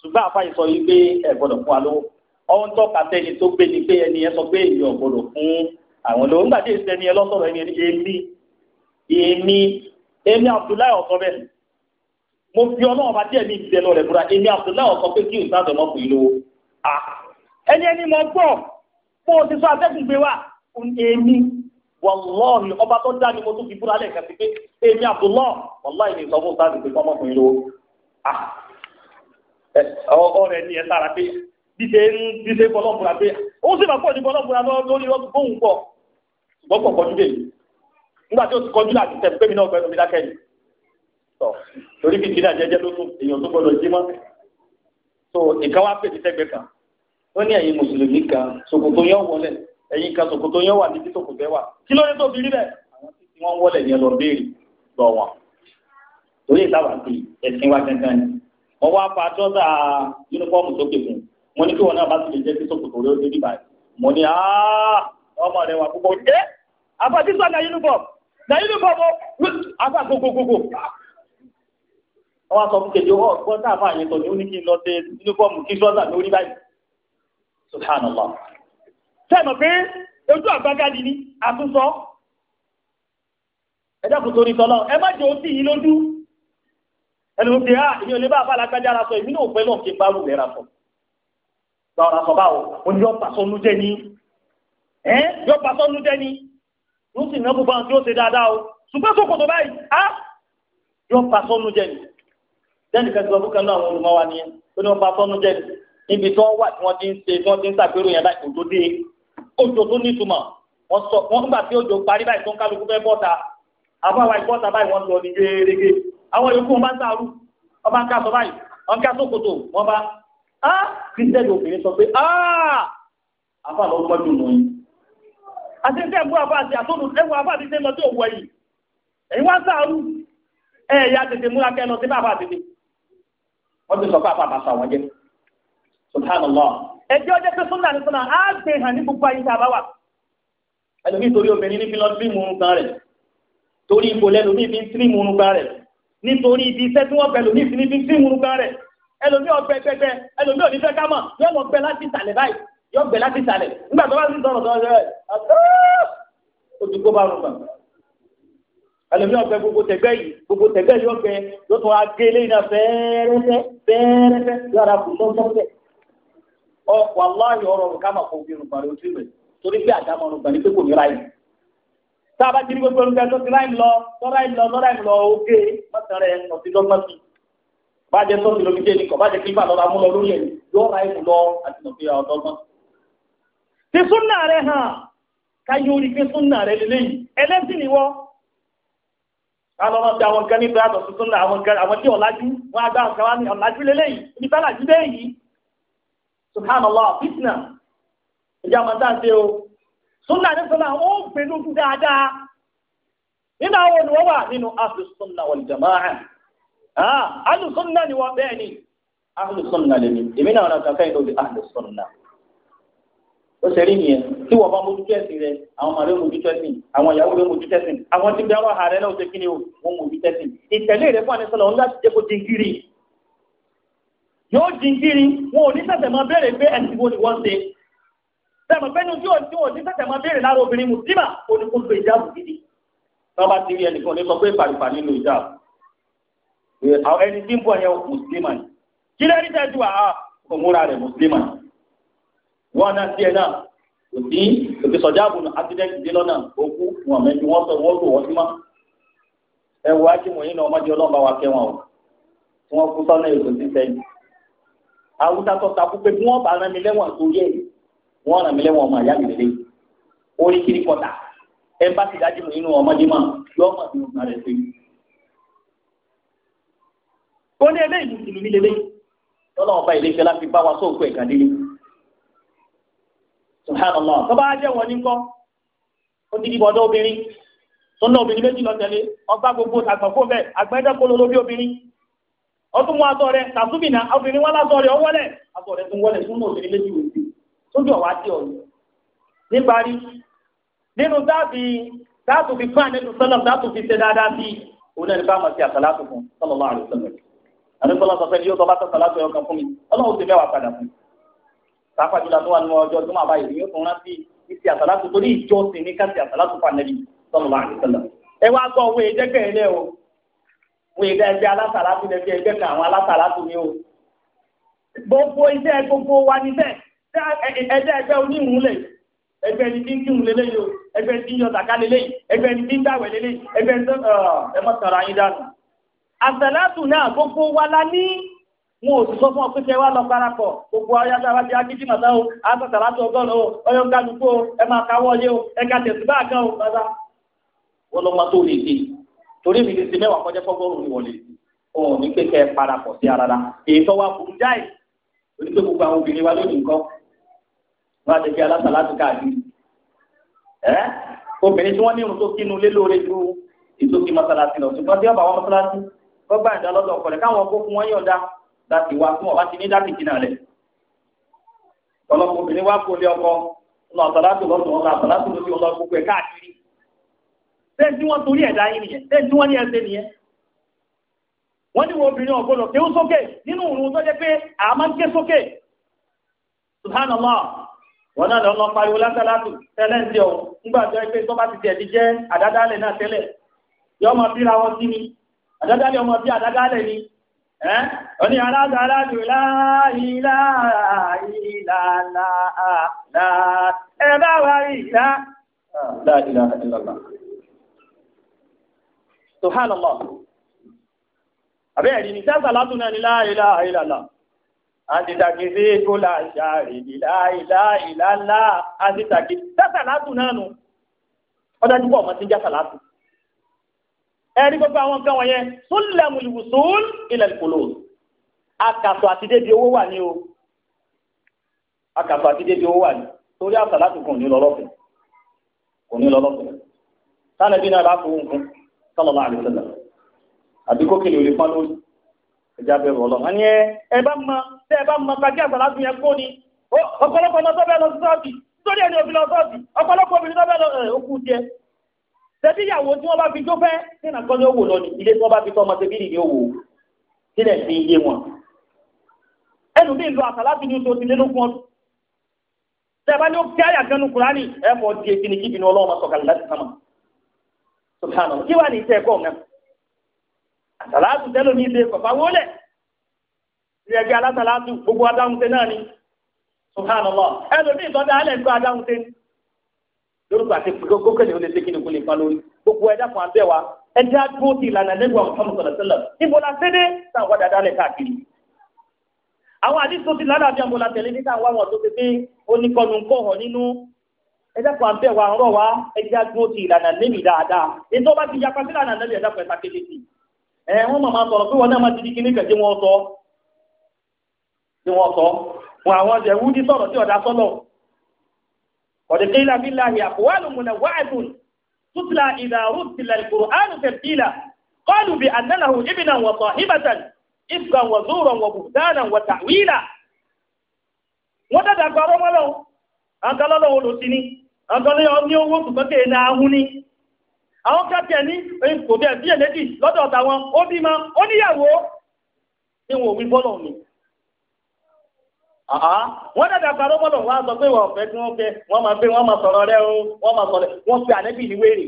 ṣùgbọ́n àfáyé sọ yìí pé ẹ gbọ́dọ̀ fún wa lówó ọ̀hún tọ́ka sẹ́ni tó gbé ni pé ẹni yẹn sọ pé èyí ò gbọ́dọ̀ fún àwọn lówó nígbà tí èsì ẹni yẹn lọ́sọ̀rọ̀ ẹni èmi èmi èmi Abdullahi ọ̀sọ́ bẹ́ẹ̀ mo fi ọlọ́run bá díẹ̀ ní ìdílé lọ rẹ̀ búra èmi Abdullahi ọ̀sọ́ pé kí n sáà tọmọ fún yín lówó ẹni ẹni mọ gbọ́ bó o ti sọ atẹ́gùn gbé wa èmi wàlọ́ọ̀hìn ọba tó dá ni mo tún fi búra lẹ́ẹ̀kan sí pé èmi Abdullahi wàlọ́ọ̀hìn ìsọfún sáà ọkọ rẹ ní ẹ lára pé dídé ń dídé bọlọ́mùra pé ó sì máa pọ̀ ní bọlọ́mùra lórí bóun pọ̀ ṣùgbọ́n pọ̀ kọjú dèmi nígbà tí ó ti kọjú láti tẹ̀ pé mi náà gbẹnu mi dákẹ́ ni tọ̀ torí fi jìnnà jẹjẹ ló tún èèyàn tó gbọdọ̀ jí mọ́ so nǹkan wá pè ní sẹ́gbẹ́ kan wọ́n ní ẹ̀yin mùsùlùmí kan ṣòkòtò yẹn wọlé ẹ̀yin kan ṣòkòtò yẹn wà níbi ṣòkòtò ẹ̀ wà kí ló dé tó fi rí bẹ́ẹ̀ àwọn tí wọ́n wọlé yẹn lọ béèrè lọ wọn torí ìtawà pé ẹ̀sìn wa gangan ni wọ́n wá fa trọ́sà yunifọ́ọ̀mù sókè fún un mo ní kí wọn náà bá ti lè jẹ́ kí sòkòtò rẹ̀ ó dé níbà yìí mo ní ọmọ rẹ̀ wà púpọ̀ ẹ́ àfàtíṣà na yunifọ́ọ̀mù na yunifọ́ọ̀mù afa gbogbogbò wọ́n sọ fún kejì ọ̀ gbọ́n tá a fà yẹn tọ̀ ní ó ní kí n lọ sí yunifọ́ọ̀mù kí trọ́sà ní orí báyìí subhanallah sẹ́nu pé ojú àgbágádi ni àtúnṣọ ẹ dákun torí tọ́lọ́ ẹ má jẹ́ òtí yìí lójú ẹni wọ́n fi hà ah, èmi ò lè bá àfàlà gbájà ara sọ èmi náà fẹ́ náà kí n bá rú rẹ̀ ra sọ. gba ọ̀rọ̀ sọ báwo ó ní yọ̀pá sọ́nú jẹ́ ni ẹ́ yọ̀pá sọ́nú jẹ́ ni ló sì ná gbogbo àwọn tí ó ṣe dáadáa o ṣùgbọ́n tó kòtò báyìí á ah, yọ̀pá sọ́nú jẹ́ ni jẹ́ni kẹsì lọ fúnkẹ́ náà àwọn olùmọ̀ wa nìyẹn ó ní wọ́n pa sọ́nú jẹ́ ni níbi tí wọ́n wà tí wọ́n ti ń ṣe tí wọ́n ti ń ṣàpérò yẹn báyìí òjò dé òjò tó nítumọ̀ wọ́n sọ wọ́n gbà tí òjò parí báyìí tó ń kálukú fẹ́ bọ́ta àbáwá ìbọ́ta báyìí wọ́n lọ ní gẹ́gẹ́ àwọn yòókù wọn bá ń dàrú wọn bá ń kásọ báyìí wọn ń kásọ kòtò wọn bá á kristẹni obìnrin sọ pé á àfa lọ gbọ́dọ̀ nù yín àti ẹgbẹ́ ẹ̀gbọ́n àfa àti àtọ́nù ẹ̀wọ̀n àfa àti ṣe lọ sí òwò ẹ̀yìn ẹ̀yìn wá ń dàrú ẹ̀ ẹ̀yà tètè múra kẹ́ lọ sí bàbá tètè wọ́n ti sọ pé àfa àbàṣà wọn jẹ́ subhanallah ẹjẹ́ ọjọ́ pé súnà ní súnà á gbé hàn ní gbogbo ayé tá a bá wà ẹlòmíì torí obìnrin ní fi lọ sí ìmúrun kan ipò lẹ́nu mi fi ń tírí ìmúrun kan rẹ̀ nítorí ibi iṣẹ́ tí wọ́n bẹ lòmí sí níbi tí ìwúrú gan rẹ̀ ẹlòmí ọgbẹ gbẹgbẹ ẹlòmí ò ní fẹ́ ká mọ̀ yóò lọ gbẹ láti ìsàlẹ̀ báyìí yóò gbẹ láti ìsàlẹ̀ nígbà tó bá sì sọ̀rọ̀ sọ̀rọ̀ rẹ̀ ojúgbó bá rùn gbà. ẹlòmí ọgbẹ gbogbo tẹgbẹ yìí gbogbo tẹgbẹ yìí ọgbẹ yóò tún agélé iná fẹ́ẹ́rẹ́fẹ́ fẹ́ẹ́rẹ́fẹ́ tá a bá jírí gbogbo ẹnu kẹtọ ti láì lọ lọ́ra ìlọ lọ́ra ìlọ oge mọ́tàn rẹ̀ ọ̀sìn dọ́gbọ́n sí bàjẹ́ sọ́ọ̀sì lómi jẹ́ nìkan bàjẹ́ kí n bá lọ́ra mú lọ lórí ẹ̀ lọ́ra ìlú lọ àti nàbí ọ̀dọ́gbọ́n. ti súnà rẹ hàn káyọ̀ orí pé súnà rẹ lélẹ́yìn ẹlẹ́sìn ni wọ́n káwọn ọmọ bí àwọn nǹkan nípa àtọ̀ tuntun náà àwọn nǹkan àwọn tí ọ̀làjú wọn agbá nǹkan wá ní sunna ní sọlá ó gbé lójú dáadáa nínú àwọn olùwọ́ wà nínú ahlu sunna wal jamaa ahlu sunna ni wọ́n bẹ́ẹ̀ ni ahlu sunna lè ní èmi náà ràn kankan ìlú ahlu sunna ó ṣe rí nìyẹn tí wọ́n bá mójú tẹ̀sìn rẹ àwọn ọmọ rẹ mójú tẹ̀sìn àwọn ìyàwó rẹ mójú tẹ̀sìn àwọn tí bẹ́ẹ̀ ọ̀hà rẹ náà ṣe kí o wọ́n mójú tẹ̀sìn ìtẹ̀lé rẹ fún àníṣọ́nà ọ̀hún láti jẹ́ kó jingiri yóò jingiri wọn ò ní sẹ̀sẹ̀ máa bẹ̀rẹ̀ pé ẹ̀sìn wo ni wọ́n ṣe sẹ́mi pé ní ojú òní tí wọ́n ti tẹ̀sẹ̀ máa béèrè lára obìnrin mùsùlùmá oníkóso ìjáàbù gidi tọ́ba ti rí ẹnìkan ní sọ pé pàrìpà nínú ìjáàbù ẹni tí ń bọ̀ yẹn mùsùlùmá ni kí lè rí tẹ́jú àá òmúra rẹ̀ mùsùlùmá ni wọ́n náà tiẹ̀ náà kò sí òkè sọ̀jáàbù accident dé lọ́nà òkú wọn mẹ́jú wọ́n sọ wọ́n lò wọ́n sí mọ́ ẹ wọ ajímọ̀ yín náà ọmọdé ọlọ́ọ̀bá wa kẹwọn o wọ́n ràn mí lẹ́wọ̀n ọmọ àyà mi lélẹ̀ orí kiri kọta ẹ bá ti dájú mi nínú ọmọdé mọ́ yóò mọ̀ nínú ọgbà rẹ̀ pé. ó ní eléyìí mùsùlùmí lélẹ̀ lọ́nà ọba ilé ìfẹ́ láti bá wa sóòkù ẹ̀ka délé. subhanallah tó bá jẹ́ wọn ní kọ́ ó ti di bọ́dọ̀ obìnrin tó ń lọ obìnrin méjì lọ tẹ̀lé ọgbà gbogbo àgbàfó bẹ́ẹ̀ àgbẹ̀dẹ́kọ́ lólóbí obìnrin ọdún mú azọ rẹ tàbí bìnnà obìnrin tóbi ọ̀wá tí ọ̀yọ́ níparí nínú táàbì táàtù fi fún àdéhùn sọlọ táàtù fi ṣe dáadáa sí òun ẹni bá mọ̀ sí àsàlátù fún sọlọ lọ́wọ́ àdéhùn sọlọ àdéhùn sọlọ sọ pé yóò tọ́ba sàlátù ẹ̀yọ̀ kan fún mi ọlọ́run ti mẹ́wàá padà fún mi pàápàá jùlọ tó wà nínú ọjọ́ tó máa bá yìí yóò tún rántí ìsì àsàlátù torí ìjọ sì ní káṣí àsàlátù fún àdéhùn sọlọ lọ́wọ́ àdéhùn sọlọ ẹ ẹ̀dá ẹgbẹ́ onímùúlẹ̀ ẹgbẹ́ ẹni tí ń kírun lélẹ̀ yìí o ẹgbẹ́ ẹni tí ń yọ zaka lélẹ̀ yìí ẹgbẹ́ ẹni tí ń dàwẹ̀ lélẹ̀ yìí ẹgbẹ́ ẹni tó ẹ mọ̀ sọ̀rọ̀ ayé dànù. àṣàlátù náà gbogbo wa la ní wọn ò sì sọ fún ọ pé kẹ wá lọ parapọ̀ gbogbo ayáta wá ti akéjì màtá o àṣàlátù ọgọ́rùn o ọyọ kálukú o ẹ máa káwọ́ yé o ẹ ká tẹ̀sí bá kan o bàbá. wọ́n lọ́ máa tó lè dé torí mi lè ṣe mẹ́wàá kọjá fọ́gọ́rùn ni wọ́n lè ṣe òun ní pé kẹ́ parapọ̀ sí ara rà èyí tó wá burú jáì wọn àti fi alásàlátù káàkiri ẹ obìnrin tí wọn ní irun tó kínú lé lóore ju ìtòkì mọ́sálásí lọ ṣùgbọ́n tí ọba wọn mọ́sálásí gbọ́gbà ìdá lọ́dọ̀ ọkọ rẹ̀ káwọn ọkọ fún wọn yọ̀ǹda láti wá fún ọba ti ní láti jìnnà rẹ̀ ọlọ́pàá obìnrin wá kó lé ọkọ ọ̀nà àsàlátù lọ́sùn ọ̀nà àsàlátù lọ́sùn ọ̀nà gbogbo ẹ̀ káàkiri bẹ́ẹ̀ tí wọ́n torí ẹ̀dá yín nìyẹn bẹ́ẹ̀ tí wọ́n ní ẹsẹ̀ nìyẹn wọ́n ní wọn obìnrin ọ̀gbọ́dọ̀ kéwú sókè nínú òun tó jẹ́ pé àmọ́ ń ké sókè subhanallah wọn náà lọ́nà pariwo lásàlátù tẹ́lẹ̀ ń jẹ́ o nígbà tó ẹ pé tó bá ti tẹ̀ ti jẹ́ àdádálẹ̀ náà tẹ́lẹ̀ yọ ọmọ bíra wọn sí ni àdádálẹ̀ ọmọ bí àdádálẹ̀ ni ẹ́ oní alága aláàdù láàyílá ìlàlá ẹ bá wà ìlà láàdìlà ìlàlá. subhanallah àbẹ́ẹ̀rí ni náà ni láàyílá ìlàlá àtìtàkìsí kólà ṣàrì ìlà ìlà ìlà ńlá àtìtàkìsí sásàlátù náà nù ọdájú pọ̀ ọmọ tí ń já sàlátù ẹ̀rí gbogbo àwọn nǹkan wọ̀nyẹn sólẹ̀mù ìwùsùn ilẹ̀ ìkòlò akàtọ̀ àti débi owó wà ní o akàtọ̀ àti débi owó wà ní torí àsàlátù kò ní lọ́lọ́fẹ̀ kò ní lọ́lọ́fẹ̀ sálẹ̀bí náà láàfin nǹkan sọlọ́lá àdìsẹ́lẹ̀ àbíkó kìlì òlè pọ́n lórí ẹ̀já bẹ̀rù ọlọ́run tẹ ẹ bá mọ gbàgbé àgbàlagbà yẹn kó ni ọ̀pọ̀lọpọ̀ lọ sọ́bẹ̀ lọ sọ́ọ̀bì nítorí ẹni òbí lọ sọ́ọ̀bì ọ̀pọ̀lọpọ̀ obìnrin sọ́bẹ̀ lọ ìyàwó tí wọ́n bá fi jófẹ́ ní nàkọ́ ni ó wò lọ ilé tí bá fi ọmọ ó wò wọn. ẹnu àtàlá ti ní ẹgbẹ́ alásàlátù gbogbo adáhunṣe náà ni subhanallah ẹlòmíì tọ́jú alẹ́ ń gbọ́ adáhunṣe lórúkọ àti ni ó lè sékìnnì kó lè pa lórí gbogbo kan abẹ́ wa ẹ̀dá tó ti ìlànà lẹ́gbọ̀n Muhammad sallallahu alaihi wasallam níbo la sédé táwọn wá dáadáa lẹ̀ káàkiri àwọn àdìsó ti ládàá bí àmọ́lá tẹ̀lé níta wá wọn tó ti pé oníkọlù ń kọ̀họ̀ nínú ẹ̀dá kan abẹ́ wa ń rọ̀ wá ẹ̀dá tó ti ìlànà lẹ́mì dáadáa ètò ọba ti yapa sí ìlànà ẹ̀dá kan kéde sí ẹ̀ wọ́n mọ̀ máa sọ̀rọ̀ pé wọn náà máa ti di kíní kẹ̀jẹ́ wọn sọ tí wọ́n sọ fún àwọn ẹ̀wú ní sọ̀rọ̀ tí ọ̀dà sọ́lọ̀ ọ̀dẹ̀kẹ́ ilá bí láàyè àkùwá lòmùnà wáàdùn tutla idha rutila alqur'anu tartila qalu bi annahu ibnan wa sahibatan ifkan wa zuran wa buhtanan wa ta'wila wọ́n dàgbà gbọ́rọ́ mọ́lọ́ àǹkálọ́lọ́ olùsíní ní owó ṣùgbọ́n àwọn ní kò bẹ́ẹ̀ lọ́dọ̀ ọ̀tà wọn ó ó níyàwó wọn ò wí bọ́lọ̀ mi wọ́n dàgbà gbàrọ bọlọ wọ́n sọ pé wọ́n ọfẹ tí wọ́n fẹ́ wọ́n máa gbé wọ́n máa sọ̀rọ̀ o wọ́n máa sọ̀rọ̀ wọ́n fi wéèrè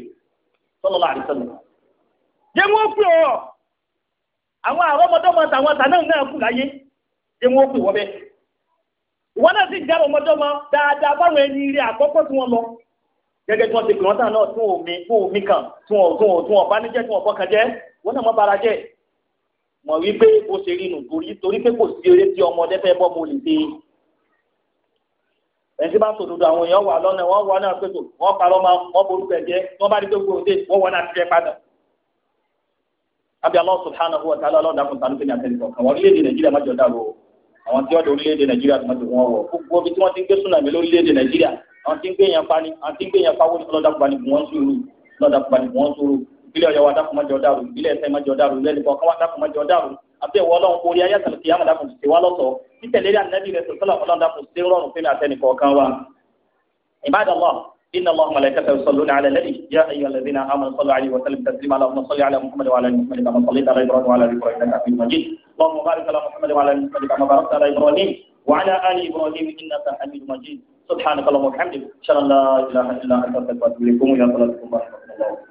wọ́n pè àwọn tàwọn náà kù láyé wọ́n pè wọ́n bẹ́ẹ̀. wọ́n náà sì dáadáa fáwọn ẹni rí mọ̀ wípé bó ṣe rí nù torí torí pé kò sí eré tí ọmọdé fẹ́ bọ́ mo lè ṣe ẹ̀sìn bá sòdodo àwọn èèyàn wà lọ́nà wọ́n wà náà pẹ̀tọ̀ wọ́n parọ́ máa wọ́n borúkọ ẹ̀jẹ̀ wọ́n bá rí pé gbogbo ọdẹ wọ́n wọ́n náà ti jẹ́ padà. àbí Allah subhanahu wa ta'ala ọlọ́dà fún tàbí fẹ́ni àtẹnìkọ̀ àwọn orílẹ̀-èdè nàìjíríà májọ dà wọ àwọn tí wọ́n di orílẹ̀-èdè nàìjíríà tó májọ wọn wọ gbogbo ibi tí wọ́n ti ń gbé súnàmì lórílẹ̀-èdè nàìjíríà àwọn tí ń gbé yẹn pani àwọn tí ń gbé yẹn pawó lọ́dà pani kù wọ́n sùúrù lọ́dà pani kù wọ́n sùúrù ìpínlẹ̀ ọ̀yọ́ wa dákun má jẹ́ ó dàrú ìpínlẹ̀ ẹ̀sẹ̀ má jẹ́ ó dàrú ilé ẹ̀dẹ̀kọ̀ kan wa dákun má jẹ́ ó dàrú àti ìwọ ọlọ́run orí ayé àtàlùkì yàrá dákun ti wá lọ́sọ̀ọ́ títẹ̀lé ànábì rẹ̀ sọ̀tọ́lá ọlọ́run dákun sí rọrùn fún mi àtẹnìkọ̀ kan wa. Ibadallah إن الله وملائكته يصلون على النبي يا أيها الذين آمنوا صلوا عليه وسلم تسليما اللهم صل على محمد وعلى آل محمد كما صليت على إبراهيم وعلى آل إبراهيم إنك حميد مجيد اللهم بارك على محمد وعلى آل محمد كما باركت على إبراهيم وعلى آل إبراهيم إنك حميد مجيد سبحانك اللهم وبحمدك أشهد أن لا إله إلا أنت أستغفرك وأتوب إليك إلى صلاتكم ورحمة الله